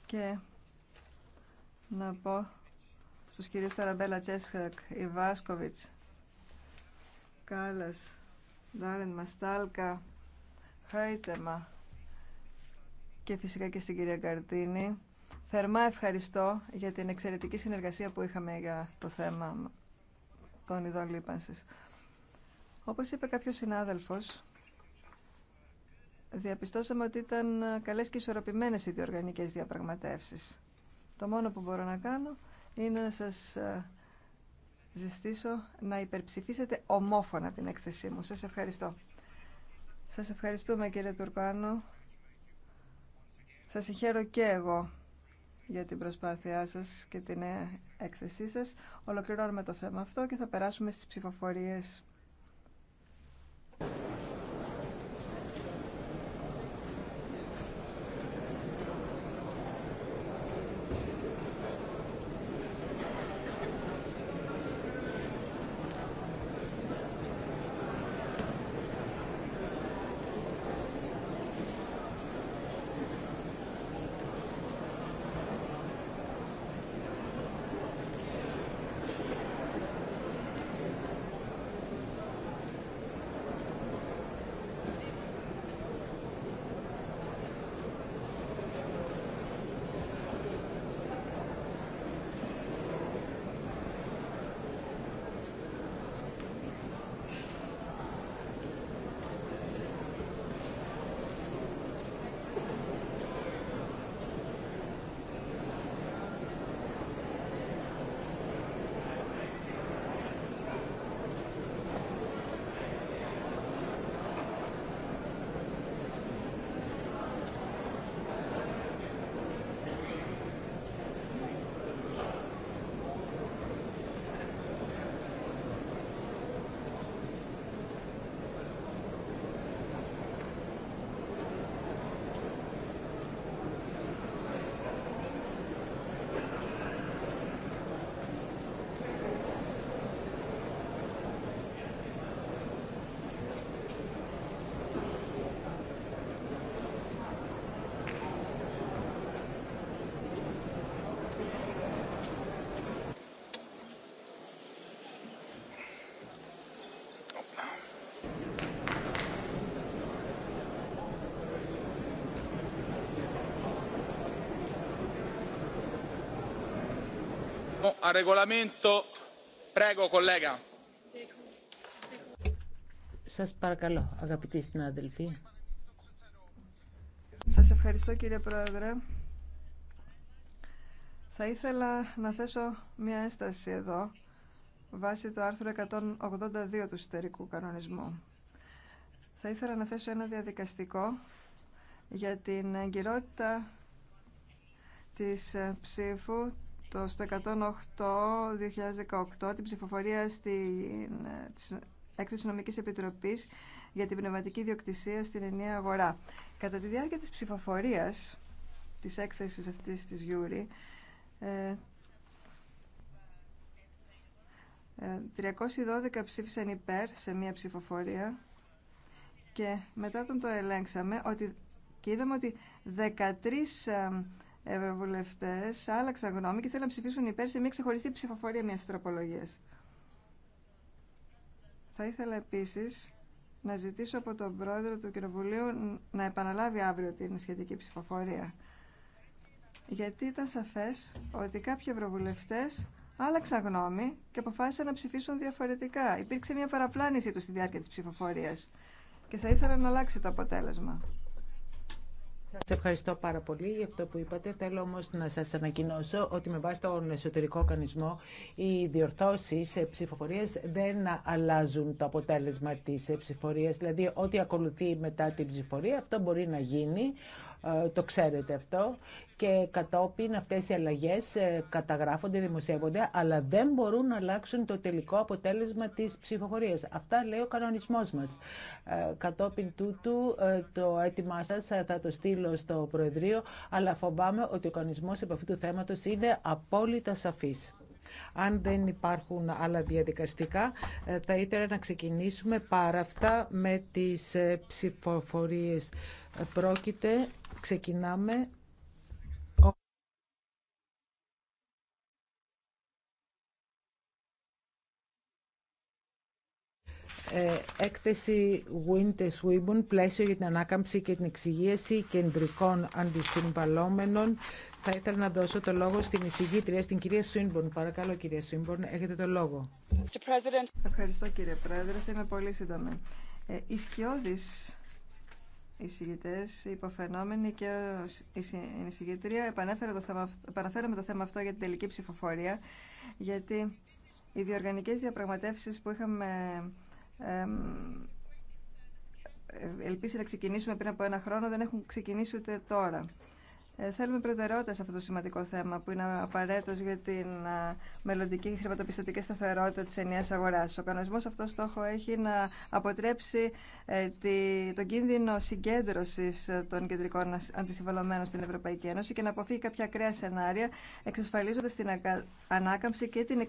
και να πω στους κυρίους Ταραμπέλα Τσέσχακ, Ιβάσκοβιτς, Κάλλας, Δάρεν Μαστάλκα, Χαϊτεμα και φυσικά και στην κυρία Καρτίνη. Θερμά ευχαριστώ για την εξαιρετική συνεργασία που είχαμε για το θέμα των ειδών λίπανσης. Όπως είπε κάποιος συνάδελφος, διαπιστώσαμε ότι ήταν ε, καλές και ισορροπημένες οι διοργανικές διαπραγματεύσεις. Το μόνο που μπορώ να κάνω είναι να σας ε, ζητήσω να υπερψηφίσετε ομόφωνα την έκθεσή μου. Σας ευχαριστώ. Σας ευχαριστούμε κύριε Τουρπάνο. Σας συγχαίρω και εγώ για την προσπάθειά σας και την ε, έκθεσή σας. Ολοκληρώνουμε το θέμα αυτό και θα περάσουμε στις ψηφοφορίες. al Σας παρακαλώ, αγαπητοί συνάδελφοι. Σας ευχαριστώ, κύριε Πρόεδρε. Θα ήθελα να θέσω μια έσταση εδώ, βάσει του άρθρου 182 του Συντερικού Κανονισμού. Θα ήθελα να θέσω ένα διαδικαστικό για την εγκυρότητα της ψήφου το, στο 108-2018 την ψηφοφορία στην, της έκθεσης νομικής επιτροπής για την πνευματική διοκτησία στην ενιαία αγορά. Κατά τη διάρκεια της ψηφοφορίας της έκθεσης αυτής της Γιούρη, 312 ε, ε, ψήφισαν υπέρ σε μία ψηφοφορία και μετά τον το ελέγξαμε ότι, και είδαμε ότι 13 ευρωβουλευτέ άλλαξαν γνώμη και θέλουν να ψηφίσουν υπέρ σε μια ξεχωριστή ψηφοφορία μια τροπολογία. Θα ήθελα επίση να ζητήσω από τον πρόεδρο του Κοινοβουλίου να επαναλάβει αύριο την σχετική ψηφοφορία. Γιατί ήταν σαφέ ότι κάποιοι ευρωβουλευτέ άλλαξαν γνώμη και αποφάσισαν να ψηφίσουν διαφορετικά. Υπήρξε μια παραπλάνηση του στη διάρκεια τη ψηφοφορία και θα ήθελα να αλλάξει το αποτέλεσμα. Σας ευχαριστώ πάρα πολύ για αυτό που είπατε. Θέλω όμως να σας ανακοινώσω ότι με βάση τον εσωτερικό οργανισμό οι διορθώσεις ψηφοφορίας δεν αλλάζουν το αποτέλεσμα της ψηφοφορίας. Δηλαδή ό,τι ακολουθεί μετά την ψηφοφορία αυτό μπορεί να γίνει ε, το ξέρετε αυτό. Και κατόπιν αυτές οι αλλαγές ε, καταγράφονται, δημοσιεύονται, αλλά δεν μπορούν να αλλάξουν το τελικό αποτέλεσμα της ψηφοφορίας. Αυτά λέει ο κανονισμός μας. Ε, κατόπιν τούτου το αίτημά σας θα το στείλω στο Προεδρείο, αλλά φοβάμαι ότι ο κανονισμός επ' αυτού του θέματος είναι απόλυτα σαφής. Αν δεν υπάρχουν άλλα διαδικαστικά, θα ήθελα να ξεκινήσουμε πάρα αυτά με τις ψηφοφορίες. Πρόκειται Ξεκινάμε. Ε, έκθεση Winter Swibon, πλαίσιο για την ανάκαμψη και την εξυγίαση κεντρικών αντισυμβαλόμενων. Θα ήθελα να δώσω το λόγο στην εισηγήτρια, στην κυρία Σουίμπορν. Παρακαλώ, κυρία Σουίμπορν, έχετε το λόγο. Ευχαριστώ, κύριε Πρόεδρε. Θα είμαι πολύ σύντομη. Ε, οι υποφαινόμενοι και η εισηγητρία επαναφέραμε το θέμα αυτό για την τελική ψηφοφορία γιατί οι διοργανικές διαπραγματεύσεις που είχαμε ε, ελπίσει να ξεκινήσουμε πριν από ένα χρόνο δεν έχουν ξεκινήσει ούτε τώρα. Ε, θέλουμε προτεραιότητα σε αυτό το σημαντικό θέμα που είναι απαραίτητο για την ε, μελλοντική χρηματοπιστωτική σταθερότητα τη ενιαία αγορά. Ο κανονισμό αυτό στόχο έχει να αποτρέψει ε, τον κίνδυνο συγκέντρωση των κεντρικών αντισυμβαλωμένων στην Ευρωπαϊκή Ένωση και να αποφύγει κάποια ακραία σενάρια, εξασφαλίζοντα την ανάκαμψη και την